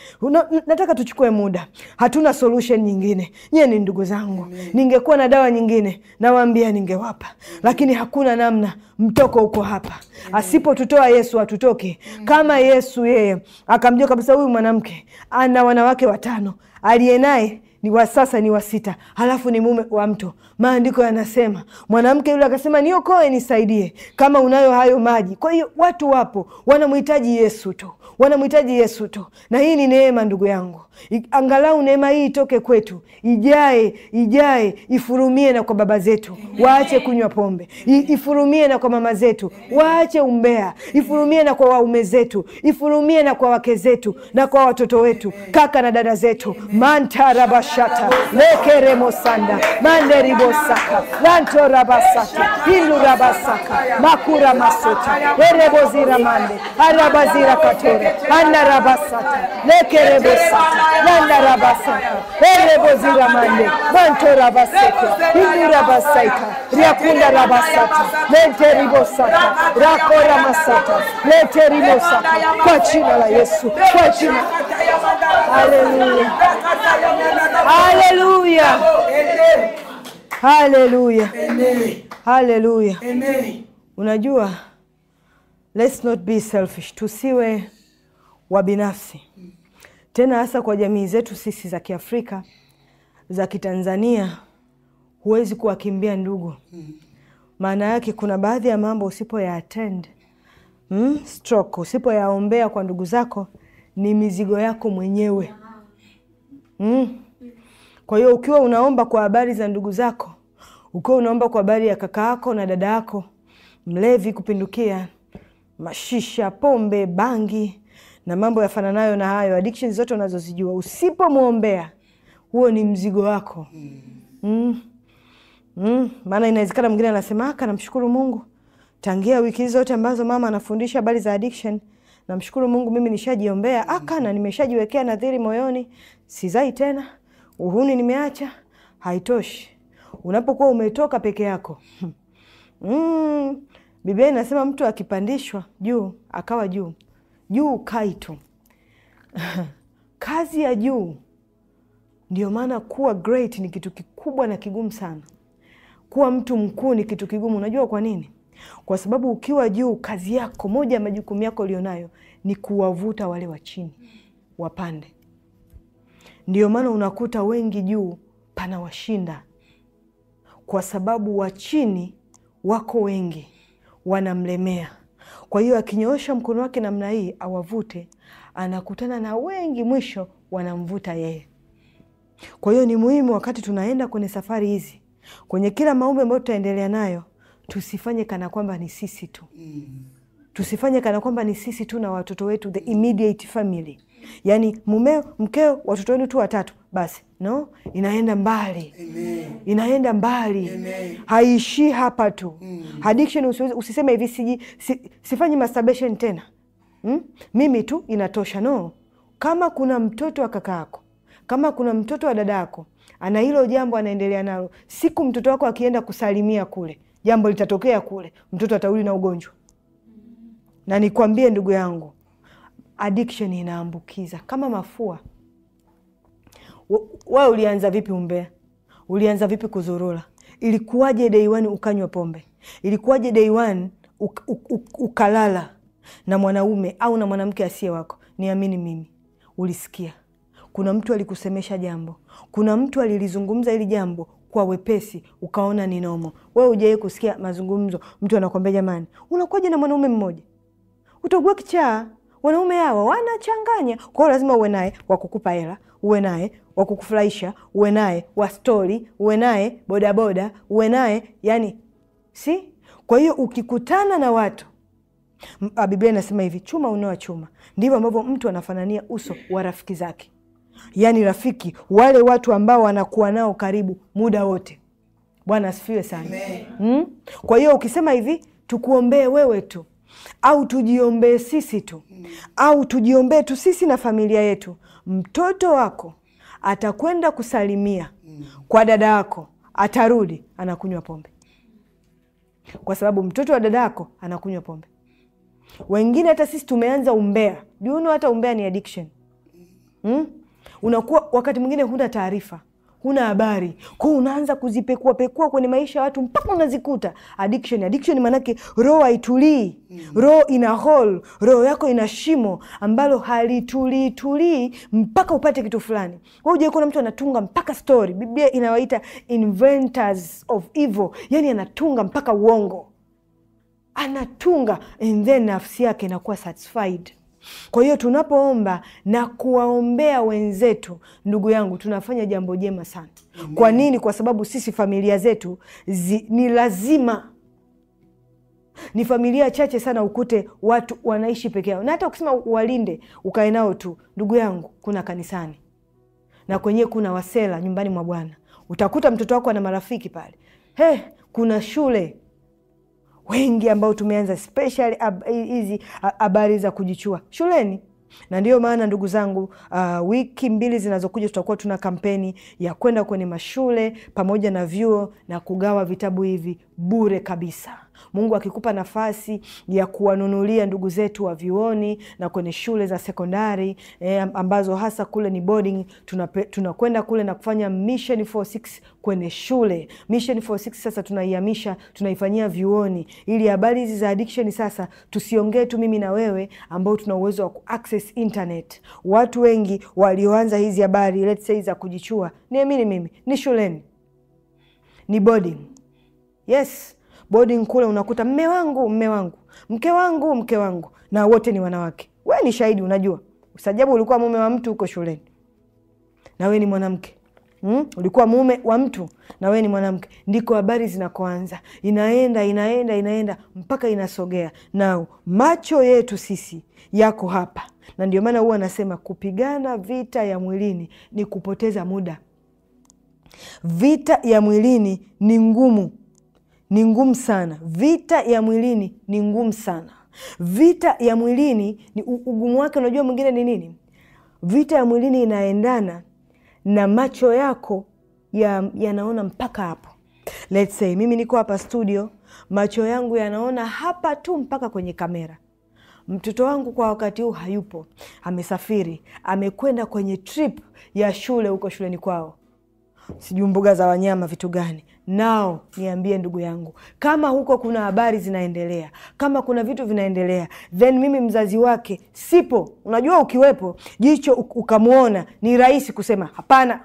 S1: Nataka tuchukue muda, hatuna solution nyingine. Nyie ni ndugu zangu, ningekuwa na dawa nyingine nawaambia ningewapa, lakini hakuna namna, mtoko huko hapa. Asipotutoa Yesu atutoke. Mm. Kama Yesu yeye akamjua kabisa huyu mwanamke ana wanawake watano aliye naye ni wa sasa ni wa sita, halafu ni mume wa mto. Maandiko yanasema mwanamke yule akasema, niokoe, nisaidie, kama unayo hayo maji. Kwa hiyo watu wapo wanamhitaji Yesu tu, wanamhitaji Yesu tu, na hii ni neema ndugu yangu. Angalau neema hii itoke kwetu, ijae ijae, ifurumie na kwa baba zetu waache kunywa pombe, ifurumie na kwa mama zetu waache umbea, ifurumie na kwa waume zetu, ifurumie na
S2: kwa wake zetu na kwa watoto wetu, kaka na dada zetu. mantarabashata lekeremosanda manderibosaka lantorabasata hindurabasaka makura masota erebozira mande arabazira katore andarabasata lekerebosata yandarabasata lenteribosata leterimosata kwa la Yesu, kwa haleluya,
S1: haleluya. Unajua, let's not be selfish, tusiwe wa binafsi, tena hasa kwa jamii zetu sisi za Kiafrika za Kitanzania. Huwezi kuwakimbia ndugu, maana yake kuna baadhi ya mambo attend, mm, stroke usipoyaombea kwa ndugu zako ni mizigo yako mwenyewe mm. Kwa hiyo ukiwa unaomba kwa habari za ndugu zako, ukiwa unaomba kwa habari ya kaka yako na dada yako mlevi kupindukia, mashisha, pombe, bangi na mambo yafananayo na hayo, addiction zote unazozijua, usipomwombea huo ni mzigo wako. mm. Mm. Maana inawezekana mwingine anasema aka, ah, namshukuru Mungu tangia wiki hizi zote ambazo mama anafundisha habari za addiction, namshukuru Mungu mimi nishajiombea aka ah, hmm. na nimeshajiwekea nadhiri moyoni, sizai tena, uhuni nimeacha. Haitoshi, unapokuwa umetoka peke yako mm. Biblia inasema mtu akipandishwa juu akawa juu juu kaitu kazi ya juu. Ndio maana kuwa great ni kitu kikubwa na kigumu sana. Kuwa mtu mkuu ni kitu kigumu. Unajua kwa nini? Kwa sababu ukiwa juu, kazi yako, moja ya majukumu yako ulionayo ni kuwavuta wale wa chini wapande. Ndio maana unakuta wengi juu pana washinda, kwa sababu wa chini wako wengi wanamlemea. Kwa hiyo akinyoosha mkono wake namna hii awavute, anakutana na wengi, mwisho wanamvuta yeye. Kwa hiyo ni muhimu wakati tunaenda kwenye safari hizi, kwenye kila maombi ambayo tutaendelea nayo, tusifanye kana kwamba ni sisi tu, mm. tusifanye kana kwamba ni sisi tu na watoto wetu, the immediate family yaani mumeo mkeo watoto wenu tu watatu basi no, inaenda mbali Amen. Inaenda mbali Haiishii hapa tu mm. Addiction usiseme hivi siji, si, sifanyi masturbation tena mm? Mimi tu inatosha no. Kama kuna mtoto wa kaka yako, kama kuna mtoto wa dada yako ana hilo jambo anaendelea nalo, siku mtoto wako akienda kusalimia kule, jambo litatokea kule, mtoto atauli na ugonjwa. Na nikwambie ndugu yangu, addiction inaambukiza kama mafua. Wewe ulianza vipi umbea? Ulianza vipi kuzurura? Ilikuwaje day one ukanywa pombe? Ilikuwaje day one ukalala na mwanaume au na mwanamke asiye wako? Niamini mimi, ulisikia kuna mtu alikusemesha jambo, kuna mtu alilizungumza hili jambo kwa wepesi, ukaona ni nomo. Wewe hujawahi kusikia mazungumzo, mtu anakwambia jamani, unakuwaje na mwanaume mmoja? utogua kichaa wanaume hawa wanachanganya. Kwa hiyo lazima uwe naye wa kukupa hela, uwe naye wa kukufurahisha, uwe naye wa stori, uwe naye bodaboda, uwe naye yani, si kwa hiyo ukikutana na watu ah, Biblia inasema hivi, chuma unoa chuma. Ndivyo ambavyo mtu anafanania uso wa rafiki zake, yaani rafiki, wale watu ambao wanakuwa nao karibu muda wote. Bwana asifiwe sana mm. Kwa hiyo ukisema hivi, tukuombee wewe tu au tujiombee sisi tu mm. au tujiombee tu sisi na familia yetu, mtoto wako atakwenda kusalimia mm. kwa dada yako, atarudi anakunywa pombe, kwa sababu mtoto wa dada yako anakunywa pombe. Wengine hata sisi tumeanza umbea juuno, hata umbea ni addiction mm? Unakuwa wakati mwingine huna taarifa huna habari kwao, unaanza kuzipekua pekua kwenye maisha ya watu mpaka unazikuta addiction. Addiction maanake roho haitulii, mm. roho ina hol roho yako ina shimo ambalo halitulii tulii mpaka upate kitu fulani. Wewe kuna mtu anatunga mpaka story, Biblia inawaita inventors of evil, yani anatunga mpaka uongo anatunga, and then nafsi yake inakuwa satisfied. Kwa hiyo tunapoomba na kuwaombea wenzetu, ndugu yangu, tunafanya jambo jema sana. Kwa nini? Kwa sababu sisi familia zetu zi, ni lazima ni familia chache sana ukute watu wanaishi peke yao, na hata ukisema walinde ukae nao tu, ndugu yangu, kuna kanisani na kwenyewe kuna wasela nyumbani mwa Bwana. Utakuta mtoto wako ana marafiki pale, he, kuna shule wengi ambao tumeanza special hizi habari za kujichua shuleni na ndiyo maana ndugu zangu, uh, wiki mbili zinazokuja tutakuwa tuna kampeni ya kwenda kwenye mashule pamoja na vyuo na kugawa vitabu hivi bure kabisa. Mungu akikupa nafasi ya kuwanunulia ndugu zetu wa vyuoni na kwenye shule za sekondari e, ambazo hasa kule ni boarding, tunakwenda tuna kule na kufanya mission 46 kwenye shule. Mission 46 sasa tunaihamisha tunaifanyia vyuoni, ili habari hizi za addiction sasa tusiongee tu mimi na wewe ambao tuna uwezo wa kuaccess internet. Watu wengi walioanza hizi habari let's say za kujichua, niamini mimi, ni shuleni, ni boarding. Yes, boarding kule, unakuta mme wangu mme wangu mke wangu mke wangu, na wote ni wanawake. We ni shahidi, unajua sajabu ulikuwa mume wa mtu huko shuleni na we ni mwanamke Hmm? ulikuwa mume wa mtu na wewe ni mwanamke. Ndiko habari zinakoanza, inaenda inaenda inaenda mpaka inasogea. Nao macho yetu sisi yako hapa, na ndio maana huwa anasema kupigana vita ya mwilini ni kupoteza muda. Vita ya mwilini ni ngumu ni ngumu sana. Vita ya mwilini ni ngumu sana. Vita ya mwilini ni ugumu wake, unajua mwingine ni nini? Vita ya mwilini inaendana na macho yako yanaona ya mpaka hapo. Let's say mimi niko hapa studio, macho yangu yanaona hapa tu mpaka kwenye kamera. Mtoto wangu kwa wakati huu hayupo, amesafiri, amekwenda kwenye trip ya shule huko shuleni kwao sijui mbuga za wanyama vitu gani nao niambie ndugu yangu, kama huko kuna habari zinaendelea, kama kuna vitu vinaendelea, then mimi mzazi wake sipo. Unajua, ukiwepo jicho ukamwona, ni rahisi kusema hapana,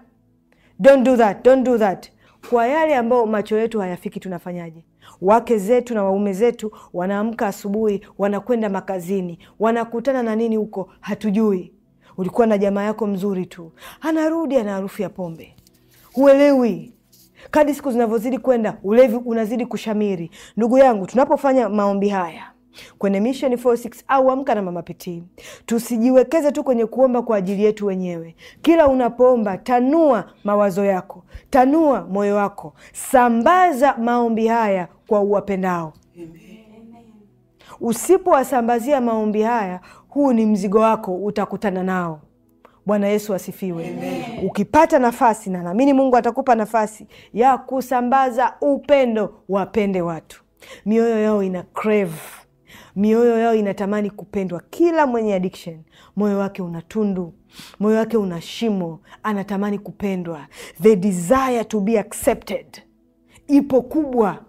S1: don't do that, don't do that. Kwa yale ambayo macho yetu hayafiki, tunafanyaje? Wake zetu na waume zetu wanaamka asubuhi, wanakwenda makazini, wanakutana na nini huko, hatujui. Ulikuwa na jamaa yako mzuri tu, anarudi ana harufu ya pombe huelewi kadi siku zinavyozidi kwenda ulevi unazidi kushamiri. Ndugu yangu, tunapofanya maombi haya kwenye Mission 46 au Amka na Mama Pitii, tusijiwekeze tu kwenye kuomba kwa ajili yetu wenyewe. Kila unapoomba, tanua mawazo yako, tanua moyo wako, sambaza maombi haya kwa uwapendao. Usipowasambazia maombi haya, huu ni mzigo wako utakutana nao. Bwana Yesu asifiwe. Ukipata nafasi na naamini Mungu atakupa nafasi ya kusambaza upendo, wapende watu, mioyo yao ina crave mioyo yao inatamani kupendwa. Kila mwenye addiction moyo wake una tundu, moyo wake una shimo, anatamani kupendwa. The desire to be accepted ipo kubwa,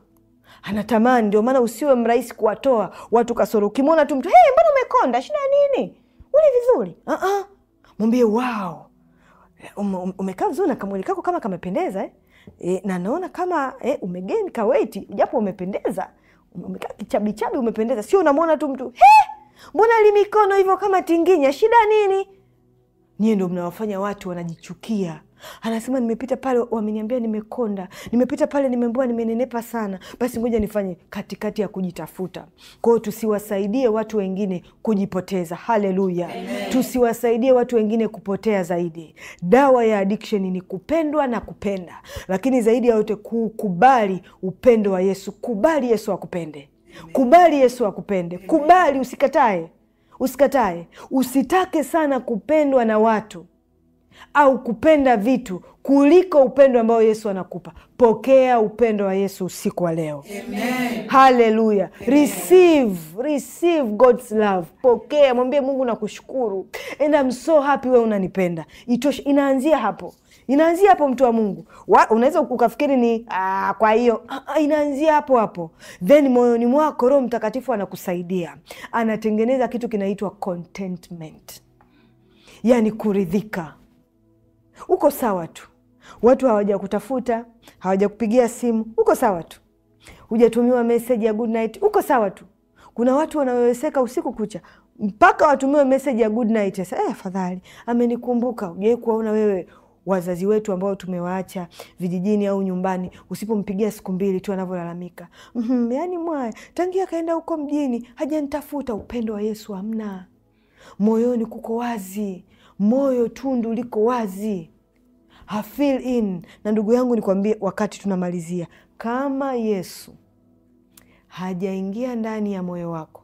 S1: anatamani. Ndio maana usiwe mrahisi kuwatoa watu kasoro. Ukimwona tu mtu hey, mbona umekonda, shida ya nini? Uli vizuri? uh -uh mwambie wao, eh, umekaa vizuri na kamwili kako kama kamependeza eh? E, na naona kama eh, umegeni kaweti japo umependeza, umekaa kichabichabi, umependeza, sio unamwona tu mtu mbona li mikono hivyo kama tinginya, shida nini? nie ndo mnawafanya watu wanajichukia anasema nimepita pale wameniambia nimekonda, nimepita pale nimeambiwa nimenenepa sana, basi ngoja nifanye katikati ya kujitafuta. Kwao tusiwasaidie watu wengine kujipoteza. Haleluya, tusiwasaidie watu wengine kupotea zaidi. Dawa ya addiction ni kupendwa na kupenda, lakini zaidi ya yote kukubali upendo wa Yesu. Kubali Yesu akupende, kubali Yesu akupende, kubali, usikatae, usikatae, usitake sana kupendwa na watu au kupenda vitu kuliko upendo ambao Yesu anakupa. Pokea upendo wa Yesu usiku wa leo. Haleluya. Receive, receive God's love. Pokea, mwambie Mungu nakushukuru, and I'm so happy we unanipenda. Itosha, inaanzia hapo inaanzia hapo, mtu wa Mungu. Unaweza ukafikiri ni aa, ah, kwa hiyo ah, ah, inaanzia hapo hapo, then moyoni mwako Roho Mtakatifu anakusaidia, anatengeneza kitu kinaitwa contentment, yani kuridhika uko sawa tu, watu hawajakutafuta, hawajakupigia simu, uko sawa tu, hujatumiwa meseji ya good night, uko sawa tu. Kuna watu wanaoweseka usiku kucha mpaka watumiwe meseji ya good night. Sasa eh, afadhali amenikumbuka. Ujawai kuwaona wewe wazazi wetu ambao tumewaacha vijijini au nyumbani, usipompigia siku mbili tu anavyolalamika mm -hmm, yani mwaya tangia akaenda huko mjini hajanitafuta. Upendo wa Yesu hamna moyoni, kuko wazi, moyo tundu liko wazi. I in. Na ndugu yangu nikwambie, wakati tunamalizia, kama Yesu hajaingia ndani ya moyo wako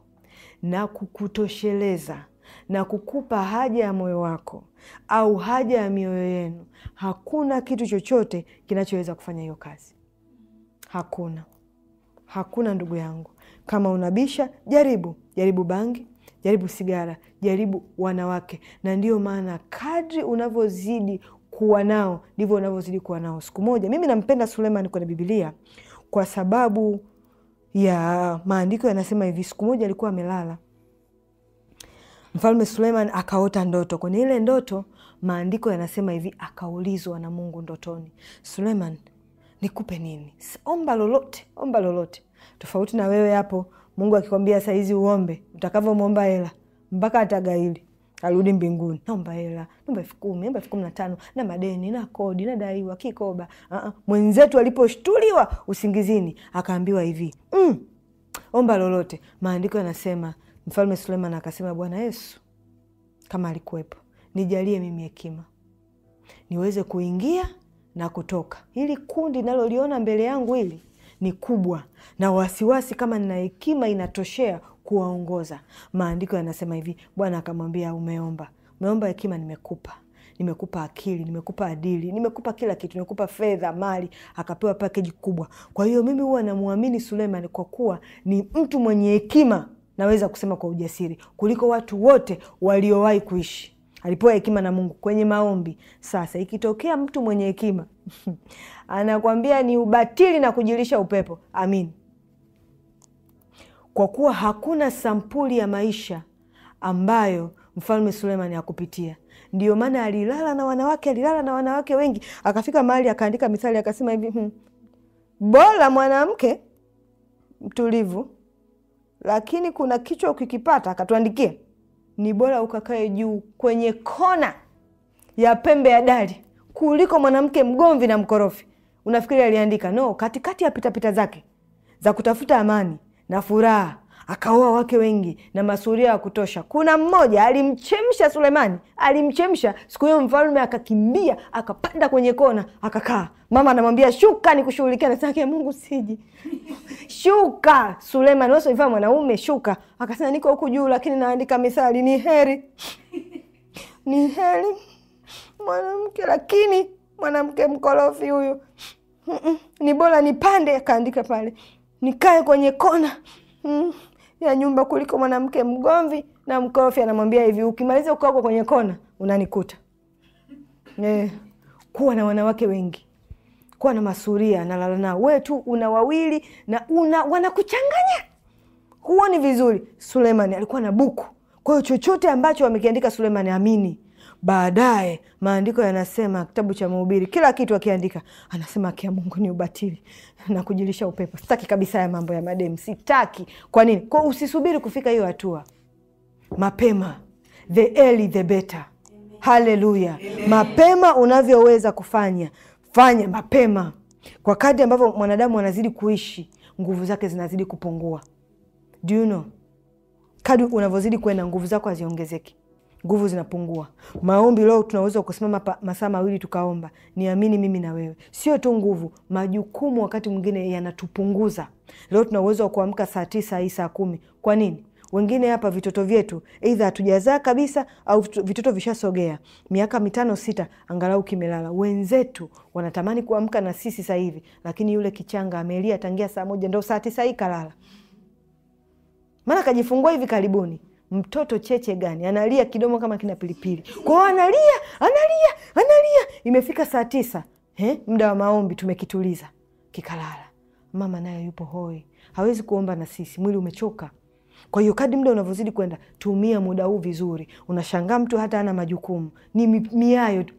S1: na kukutosheleza na kukupa haja ya moyo wako au haja ya mioyo yenu, hakuna kitu chochote kinachoweza kufanya hiyo kazi. Hakuna, hakuna ndugu yangu. Kama unabisha, jaribu jaribu bangi, jaribu sigara, jaribu wanawake. Na ndiyo maana kadri unavyozidi kuwa nao ndivyo unavyozidi kuwa nao. Siku moja mimi nampenda Suleiman kwenye Bibilia kwa sababu ya maandiko yanasema hivi, siku moja alikuwa amelala Mfalme Suleiman akaota ndoto. Kwenye ile ndoto maandiko yanasema hivi, akaulizwa na Mungu ndotoni, Suleiman, nikupe nini? Omba lolote, omba lolote. Tofauti na wewe hapo, Mungu akikwambia saizi uombe, utakavyomwomba hela mpaka atagaili arudi mbinguni, naomba hela, naomba elfu kumi, naomba elfu kumi na tano, na madeni na kodi na daiwa kikoba. Uh-uh. Mwenzetu aliposhtuliwa usingizini akaambiwa hivi mm, omba lolote. Maandiko yanasema Mfalme Suleiman akasema, Bwana Yesu kama alikuwepo, nijalie mimi hekima niweze kuingia na kutoka. Hili kundi naloliona mbele yangu hili ni kubwa na wasiwasi, kama nina hekima inatoshea kuwaongoza. Maandiko yanasema hivi, Bwana akamwambia, umeomba, umeomba hekima, nimekupa nimekupa akili, nimekupa adili, nimekupa kila kitu, nimekupa fedha, mali, akapewa pakeji kubwa. Kwa hiyo mimi huwa namwamini Suleiman kwa kuwa ni mtu mwenye hekima, naweza kusema kwa ujasiri, kuliko watu wote waliowahi kuishi. Alipewa hekima na Mungu kwenye maombi. Sasa ikitokea mtu mwenye hekima anakwambia ni ubatili na kujilisha upepo, amini kwa kuwa hakuna sampuli ya maisha ambayo mfalme Suleimani hakupitia. Ndiyo maana alilala na wanawake, alilala na wanawake wengi, akafika mahali akaandika Mithali akasema hivi hmm, bora mwanamke mtulivu, lakini kuna kichwa ukikipata, akatuandikia ni bora ukakae juu kwenye kona ya pembe ya dari kuliko mwanamke mgomvi na mkorofi. Unafikiri aliandika no? Katikati ya pitapita pita zake za kutafuta amani na furaha akaoa wake wengi na masuria ya kutosha. Kuna mmoja alimchemsha Sulemani, alimchemsha siku hiyo. Mfalme akakimbia akapanda kwenye kona akakaa. Mama anamwambia shuka, nikushughulikia. Nasema Mungu, siji shuka. Sulemani wesivaa mwanaume, shuka. Akasema niko huku juu, lakini naandika mithali. Ni heri ni heri mwanamke, lakini mwanamke mkorofi huyu ni bora nipande. Akaandika pale nikae kwenye kona mm, ya nyumba kuliko mwanamke mgomvi na mkofi. Anamwambia hivi, ukimaliza kukaa huko kwenye kona unanikuta. Eh, kuwa na wanawake wengi, kuwa na masuria na lala nao. tu una wawili na una wanakuchanganya, huoni vizuri. Sulemani alikuwa na buku, kwa hiyo chochote ambacho wamekiandika Sulemani amini Baadaye maandiko yanasema, kitabu cha Mhubiri, kila kitu akiandika anasema akia Mungu ni ubatili na kujilisha upepo. Sitaki kabisa ya mambo ya mademu, sitaki. Kwa nini? Kwa usisubiri kufika hiyo hatua mapema, the early the better. Haleluya! Mapema unavyoweza kufanya, fanya mapema. Kwa kadri ambavyo mwanadamu anazidi kuishi, nguvu zake zinazidi kupungua. Do you know? Kadri unavyozidi kwenda, nguvu zako haziongezeki nguvu zinapungua. Maombi leo tunaweza kusimama masaa mawili tukaomba, niamini mimi na wewe. Sio tu nguvu, majukumu wakati mwingine yanatupunguza. Leo tuna uwezo wa kuamka saa tisa hii saa kumi. Kwa nini? Wengine hapa vitoto vyetu eidha hatujazaa kabisa au vitoto vishasogea miaka mitano sita, angalau kimelala. Wenzetu wanatamani kuamka na sisi sasa hivi, lakini yule kichanga amelia tangia saa moja ndo saa tisa hii kalala, maana kajifungua hivi karibuni mtoto cheche gani analia kidomo kama kina pilipili kwao, analia analia analia. Imefika saa tisa eh, muda wa maombi, tumekituliza kikalala. Mama naye yupo hoi, hawezi kuomba na sisi, mwili umechoka. Kwa hiyo kadi muda unavyozidi kwenda, tumia muda huu vizuri. Unashangaa mtu hata ana majukumu, ni miayo tu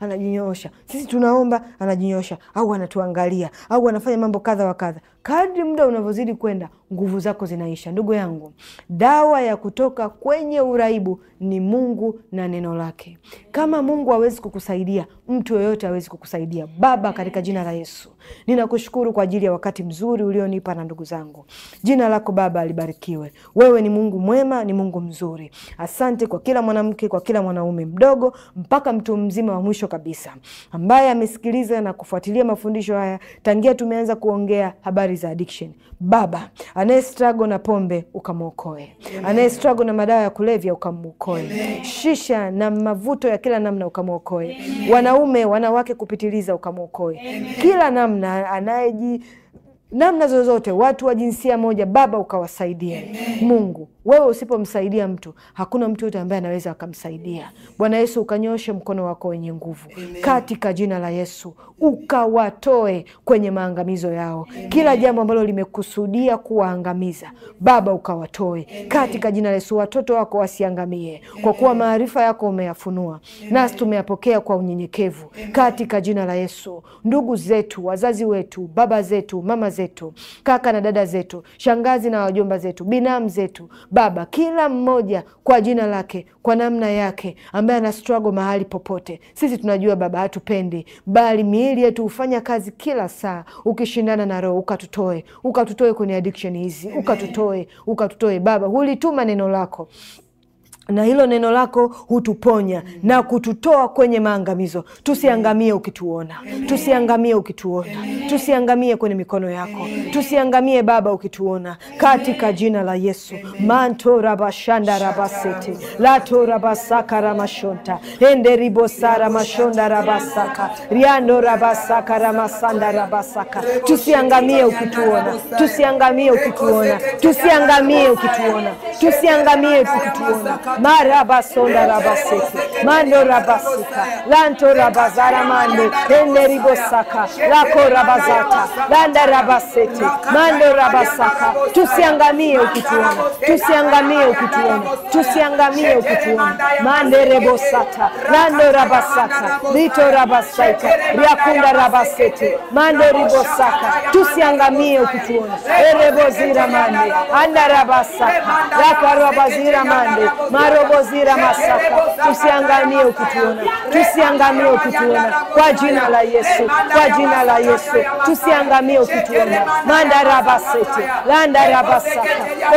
S1: anajinyoosha. Sisi tunaomba, anajinyosha au anatuangalia au anafanya mambo kadha wa kadha. Kadri muda unavyozidi kwenda, nguvu zako zinaisha. Ndugu yangu, dawa ya kutoka kwenye uraibu ni Mungu na neno lake. Kama Mungu hawezi kukusaidia, mtu yoyote hawezi kukusaidia. Baba, katika jina la Yesu ninakushukuru kwa ajili ya wakati mzuri ulionipa na ndugu zangu. Jina lako Baba libarikiwe. Wewe ni Mungu mwema, ni Mungu mzuri. Asante kwa kila mwanamke, kwa kila mwanaume, mdogo mpaka mtu mzima wa mwisho kabisa, ambaye amesikiliza na kufuatilia mafundisho haya tangia tumeanza kuongea habari hatari za addiction. Baba anaye struggle na pombe ukamwokoe, anaye struggle na madawa ya kulevya ukamwokoe, shisha na mavuto ya kila namna ukamwokoe, wanaume wanawake kupitiliza ukamwokoe, kila namna anayeji namna zozote, watu wa jinsia moja, Baba ukawasaidia. Mungu wewe usipomsaidia mtu, hakuna mtu yote ambaye anaweza akamsaidia. Bwana Yesu, ukanyoshe mkono wako wenye nguvu katika jina la Yesu, ukawatoe kwenye maangamizo yao. Kila jambo ambalo limekusudia kuwaangamiza, Baba ukawatoe katika jina la Yesu. Watoto wako wasiangamie, kwa kuwa maarifa yako umeyafunua, nasi tumeyapokea kwa unyenyekevu katika jina la Yesu. Ndugu zetu, wazazi wetu, baba zetu, mama zetu zetu, kaka na dada zetu, shangazi na wajomba zetu, binamu zetu, Baba, kila mmoja kwa jina lake, kwa namna yake, ambaye ana struggle mahali popote. Sisi tunajua Baba hatupendi, bali miili yetu hufanya kazi kila saa, ukishindana na Roho, ukatutoe, ukatutoe kwenye addiction hizi, ukatutoe, ukatutoe Baba. Hulituma neno lako na hilo neno lako hutuponya mm. na kututoa kwenye maangamizo. Tusiangamie ukituona, tusiangamie ukituona, tusiangamie kwenye mikono yako, tusiangamie Baba ukituona, katika jina la Yesu. manto rabashanda
S2: rabasete lato rabasaka ramashonta ende ribosara mashonda rabasaka riando rabasaka ramasanda rabasaka. Tusiangamie ukituona, tusiangamie ukituona, tusiangamie ukituona, tusiangamie ukituona marabasonda mando rabasika lanto rabazara mande enderibosaka lako rabazata landa rabasete mando rabasaka tusiangamie ukituona tusiangamie ukituona tusiangamie ukituona mande rebosata lando rabasaka lito rabasaita riakunda rabasete mando ribosaka tusiangamie ukituona erebozira mande anda rabasaka lako mande marobozira masaka. Tusiangamie ukituona, tusiangamie ukituona kwa jina la Yesu, kwa jina la Yesu, tusiangamie ukituona. mandarabasete landarabasaka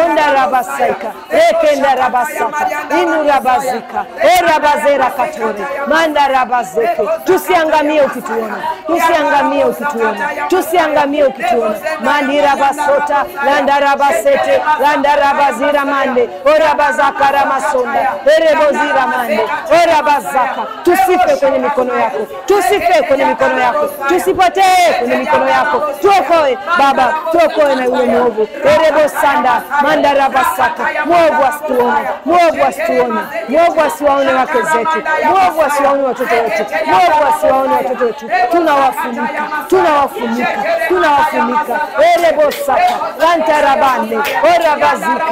S2: ondarabasaika rekendarabasaka inurabazika erabazera katore mandarabazeke. Tusiangamie ukituona, tusiangamie ukituona, tusiangamie ukituona. mandirabasota landarabasete landarabazira mande orabazakaramas sonda erebozira mande erabazaka, tusife kwenye mikono yako, tusife kwenye mikono yako, tusipotee kwenye mikono yako, tuokoe Baba, tuokoe na yule mwovu erebosanda mandarabasaka, mwovu asituone, mwovu asituone, mwovu asiwaone wake zetu, mwovu asiwaone watoto wetu, mwovu asiwaone watoto wetu, tunawafunika, tunawafunika, tunawafunika erebosaka rantarabane orabazika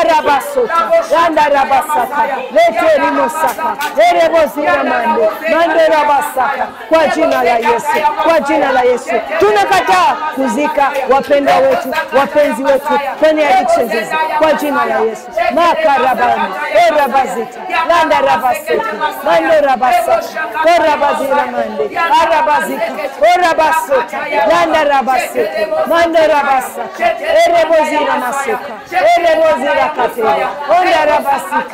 S2: arabasota randarabasaka basaka lete limosaka erebozira mande mandera basaka kwa jina la Yesu, kwa jina la Yesu tunakataa kuzika wapendwa wetu wapenzi wetu kwenye addiction hizi kwa jina la Yesu makarabani erabazita landa rabaseki mande rabasaka korabazira e mande arabazika korabasota e landa rabaseki mande rabasaka erebozira maseka erebozira katera onda rabasika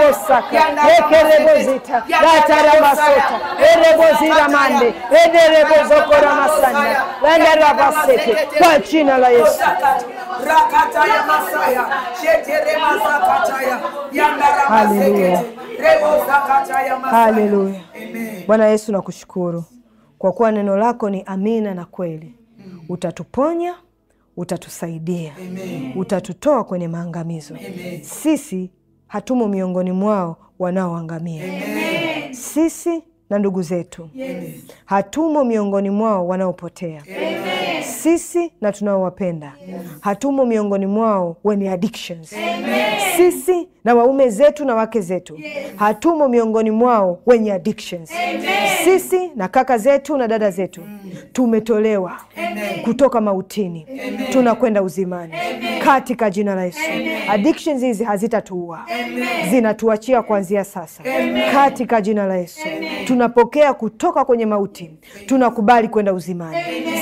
S2: rebosaka ekerebozita gataramasota ereboziramande ederebozokoramasanya venderabaseke kwa china la Yesu rakataya masaya sheteremazakataya yandaramasekete rebozakataya masaya haleluya
S1: Bwana Yesu nakushukuru kwa kuwa neno lako ni amina na kweli mm. Utatuponya, utatusaidia Amen. Utatutoa kwenye maangamizo Amen. Sisi hatumo miongoni mwao wanaoangamia. Sisi na ndugu zetu yes. Hatumo miongoni mwao wanaopotea Amen. Sisi na tunaowapenda yes. Hatumo miongoni mwao wenye addictions Amen. Sisi na waume zetu na wake zetu yes. Hatumo miongoni mwao wenye addictions Amen. Sisi na kaka zetu na dada zetu mm. Tumetolewa Amen. Kutoka mautini tunakwenda uzimani Amen. Katika jina la Yesu, addictions hizi hazitatuua, zinatuachia kuanzia sasa Amen. Katika jina la Yesu tunapokea kutoka kwenye mauti, tunakubali kwenda uzimani,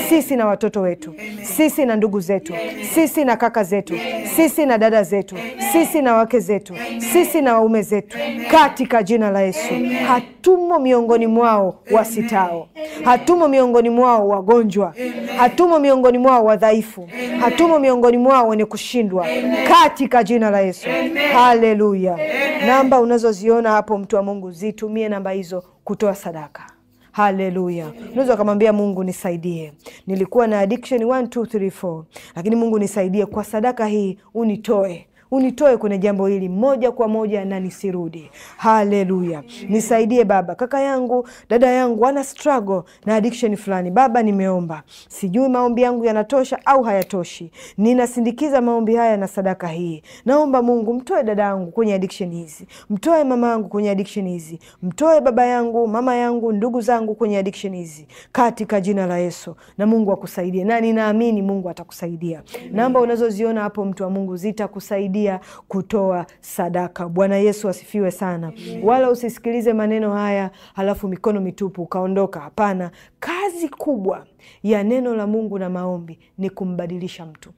S1: sisi na watoto wetu, sisi na ndugu zetu, sisi na kaka zetu, sisi na dada zetu, sisi na wake zetu, sisi na waume zetu, katika jina la Yesu. Hatumo miongoni mwao wasitao, hatumo miongoni mwao wagonjwa, hatumo miongoni mwao wadhaifu, hatumo miongoni mwao wenye kushindwa, katika jina la Yesu. Haleluya! Namba unazoziona hapo, mtu wa Mungu, zitumie namba hizo kutoa sadaka. Haleluya! Unaweza ukamwambia Mungu nisaidie, nilikuwa na addiction 1 2 3 4 lakini Mungu nisaidie, kwa sadaka hii unitoe unitoe kwenye jambo hili moja kwa moja na nisirudi. Haleluya, nisaidie Baba. Kaka yangu dada yangu ana struggle na addiction fulani, Baba nimeomba, sijui maombi yangu yanatosha au hayatoshi. Ninasindikiza maombi haya na sadaka hii. Naomba Mungu mtoe dada yangu kwenye addiction hizi, mtoe mama yangu kwenye addiction hizi, mtoe baba yangu mama yangu ndugu zangu kwenye addiction hizi katika jina la Yesu, na Mungu akusaidie, na ninaamini Mungu atakusaidia. Namba unazoziona hapo, mtu wa Mungu, zitakusaidia kusaidia kutoa sadaka. Bwana Yesu asifiwe sana. Wala usisikilize maneno haya halafu mikono mitupu ukaondoka. Hapana, kazi kubwa ya neno la Mungu na maombi ni kumbadilisha mtu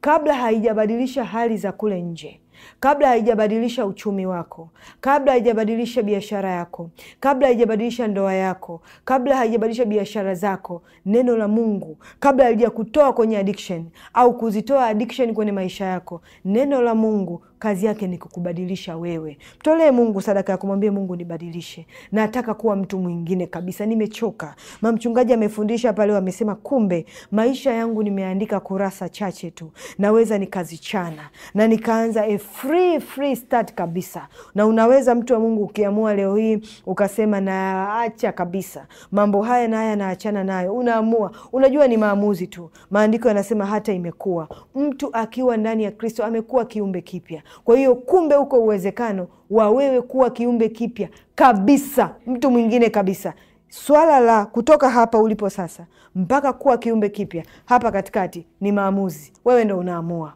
S1: kabla haijabadilisha hali za kule nje kabla haijabadilisha uchumi wako, kabla haijabadilisha biashara yako, kabla haijabadilisha ndoa yako, kabla haijabadilisha biashara zako, neno la Mungu, kabla halijakutoa kwenye addiction au kuzitoa addiction kwenye maisha yako, neno la Mungu kazi yake ni kukubadilisha wewe. Mtolee Mungu sadaka ya kumwambia Mungu, nibadilishe, nataka kuwa mtu mwingine kabisa, nimechoka. Mamchungaji amefundisha pale, wamesema kumbe maisha yangu nimeandika kurasa chache tu, naweza nikazichana na nikaanza a free, free start kabisa. Na unaweza mtu wa Mungu ukiamua leo hii ukasema naacha kabisa mambo haya na haya naachana nayo, unaamua. Unajua ni maamuzi tu. Maandiko yanasema hata imekuwa mtu akiwa ndani ya Kristo amekuwa kiumbe kipya kwa hiyo kumbe, huko uwezekano wa wewe kuwa kiumbe kipya kabisa, mtu mwingine kabisa. Swala la kutoka hapa ulipo sasa mpaka kuwa kiumbe kipya, hapa katikati ni maamuzi. Wewe ndo unaamua,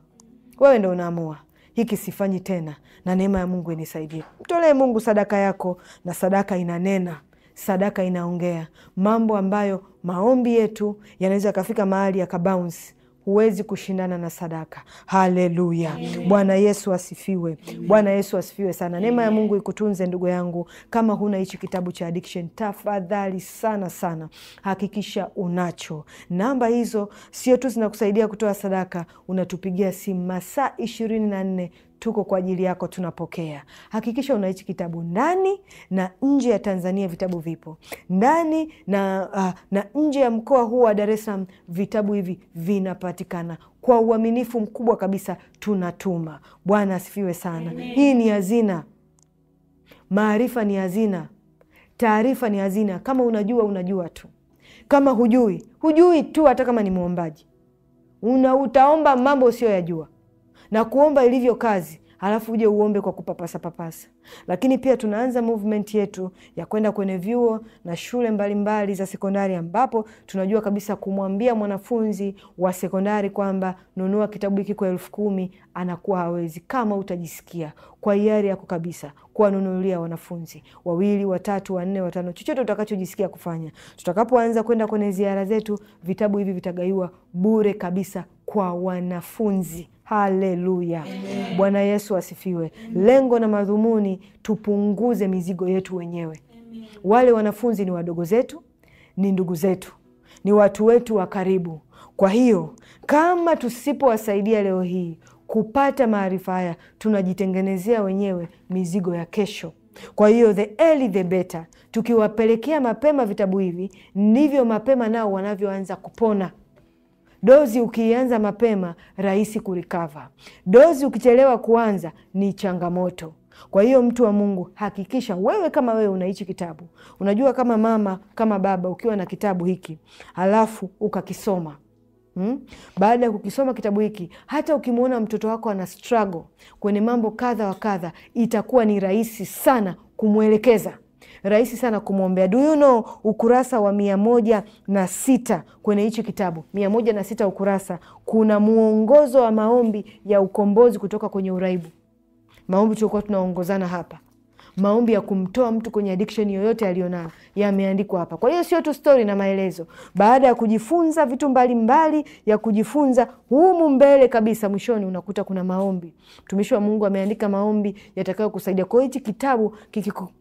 S1: wewe ndo unaamua hiki sifanyi tena, na neema ya Mungu inisaidie. Mtolee Mungu sadaka yako, na sadaka inanena, sadaka inaongea mambo ambayo maombi yetu yanaweza yakafika mahali yakabounce huwezi kushindana na sadaka. Haleluya! Bwana Yesu asifiwe. Bwana Yesu asifiwe sana. Neema ya Mungu ikutunze ndugu yangu. Kama huna hichi kitabu cha addiction, tafadhali sana sana hakikisha unacho. Namba hizo sio tu zinakusaidia kutoa sadaka, unatupigia simu masaa ishirini na nne tuko kwa ajili yako, tunapokea. Hakikisha una hichi kitabu ndani na nje ya Tanzania, vitabu vipo ndani na, uh, na nje ya mkoa huu wa Dar es Salaam, vitabu hivi vinapatikana kwa uaminifu mkubwa kabisa, tunatuma. Bwana asifiwe sana. Amen. Hii ni hazina, maarifa ni hazina, taarifa ni hazina. Kama unajua unajua tu, kama hujui hujui tu. Hata kama ni mwombaji una utaomba mambo usiyoyajua na kuomba ilivyo kazi, alafu uje uombe kwa kupapasa papasa. Lakini pia tunaanza movement yetu ya kwenda kwenye vyuo na shule mbalimbali mbali za sekondari, ambapo tunajua kabisa kumwambia mwanafunzi wa sekondari kwamba nunua kitabu hiki kwa elfu kumi anakuwa hawezi, kama utajisikia kwa hiari yako kabisa kuwanunulia wanafunzi wawili, watatu, wanne, watano, chochote utakachojisikia kufanya. Tutakapoanza kwenda kwenye ziara zetu, vitabu hivi vitagaiwa bure kabisa kwa wanafunzi Haleluya, Bwana Yesu asifiwe. Lengo na madhumuni, tupunguze mizigo yetu wenyewe. Amen. Wale wanafunzi ni wadogo zetu, ni ndugu zetu, ni watu wetu wa karibu. Kwa hiyo kama tusipowasaidia leo hii kupata maarifa haya, tunajitengenezea wenyewe mizigo ya kesho. Kwa hiyo the early the better, tukiwapelekea mapema vitabu hivi, ndivyo mapema nao wanavyoanza kupona. Dozi ukianza mapema rahisi kurikava, dozi ukichelewa kuanza ni changamoto. Kwa hiyo mtu wa Mungu, hakikisha wewe kama wewe unaichi kitabu, unajua kama mama kama baba, ukiwa na kitabu hiki halafu ukakisoma Hmm? Baada ya kukisoma kitabu hiki, hata ukimwona mtoto wako ana struggle kwenye mambo kadha wa kadha, itakuwa ni rahisi sana kumwelekeza rahisi sana kumwombea. Do you know, ukurasa wa mia moja na sita kwenye hichi kitabu, mia moja na sita ukurasa, kuna mwongozo wa maombi ya ukombozi kutoka kwenye uraibu, maombi tuliokuwa tunaongozana hapa maombi ya kumtoa mtu kwenye addiction yoyote aliyonayo yameandikwa hapa. Kwa hiyo sio tu stori na maelezo. Baada ya kujifunza vitu mbalimbali mbali, ya kujifunza humu mbele kabisa mwishoni unakuta kuna maombi. Mtumishi wa Mungu ameandika maombi yatakayokusaidia. Kwa hiyo hichi kitabu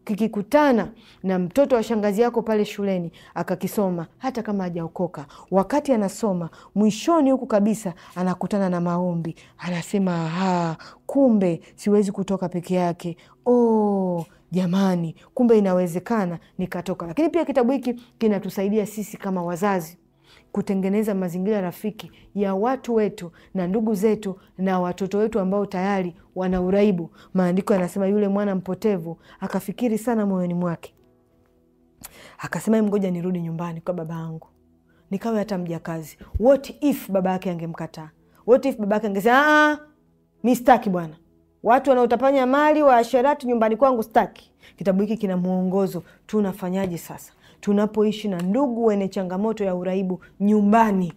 S1: kikikutana na mtoto wa shangazi yako pale shuleni akakisoma, hata kama hajaokoka, wakati anasoma mwishoni huku kabisa anakutana na maombi, anasema kumbe siwezi kutoka peke yake. Oh, jamani, kumbe inawezekana nikatoka. Lakini pia kitabu hiki kinatusaidia sisi kama wazazi kutengeneza mazingira rafiki ya watu wetu na ndugu zetu na watoto wetu ambao tayari wana uraibu. Maandiko yanasema yule mwana mpotevu akafikiri sana moyoni mwake, akasema ngoja nirudi nyumbani kwa baba yangu nikawe hata mjakazi. What if baba yake angemkataa? What if baba yake angesema ah, mi staki bwana, watu wanaotapanya mali wa waasherati nyumbani kwangu staki. Kitabu hiki kina mwongozo, tunafanyaje sasa tunapoishi na ndugu wenye changamoto ya uraibu nyumbani.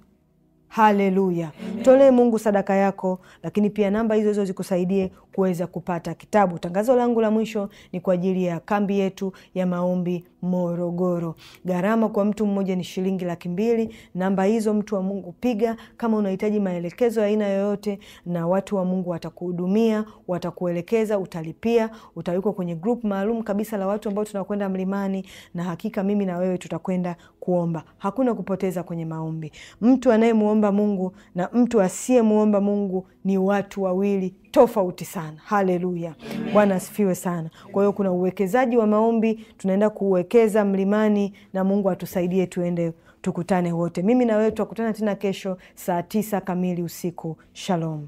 S1: Haleluya, tolee Mungu sadaka yako, lakini pia namba hizo hizo zikusaidie kuweza kupata kitabu. Tangazo langu la mwisho ni kwa ajili ya kambi yetu ya maombi Morogoro. Gharama kwa mtu mmoja ni shilingi laki mbili. Namba hizo mtu wa Mungu piga kama unahitaji maelekezo ya aina yoyote, na watu wa Mungu watakuhudumia, watakuelekeza, utalipia, utawekwa kwenye grupu maalum kabisa la watu ambao tunakwenda mlimani, na hakika mimi na wewe tutakwenda kuomba. Hakuna kupoteza kwenye maombi. Mtu anayemuomba Mungu na mtu asiyemuomba Mungu ni watu wawili tofauti sana. Haleluya, Bwana asifiwe sana. Kwa hiyo kuna uwekezaji wa maombi, tunaenda kuwekeza mlimani, na Mungu atusaidie tuende tukutane wote. Mimi na wewe tutakutana tena kesho saa tisa kamili usiku. Shalom.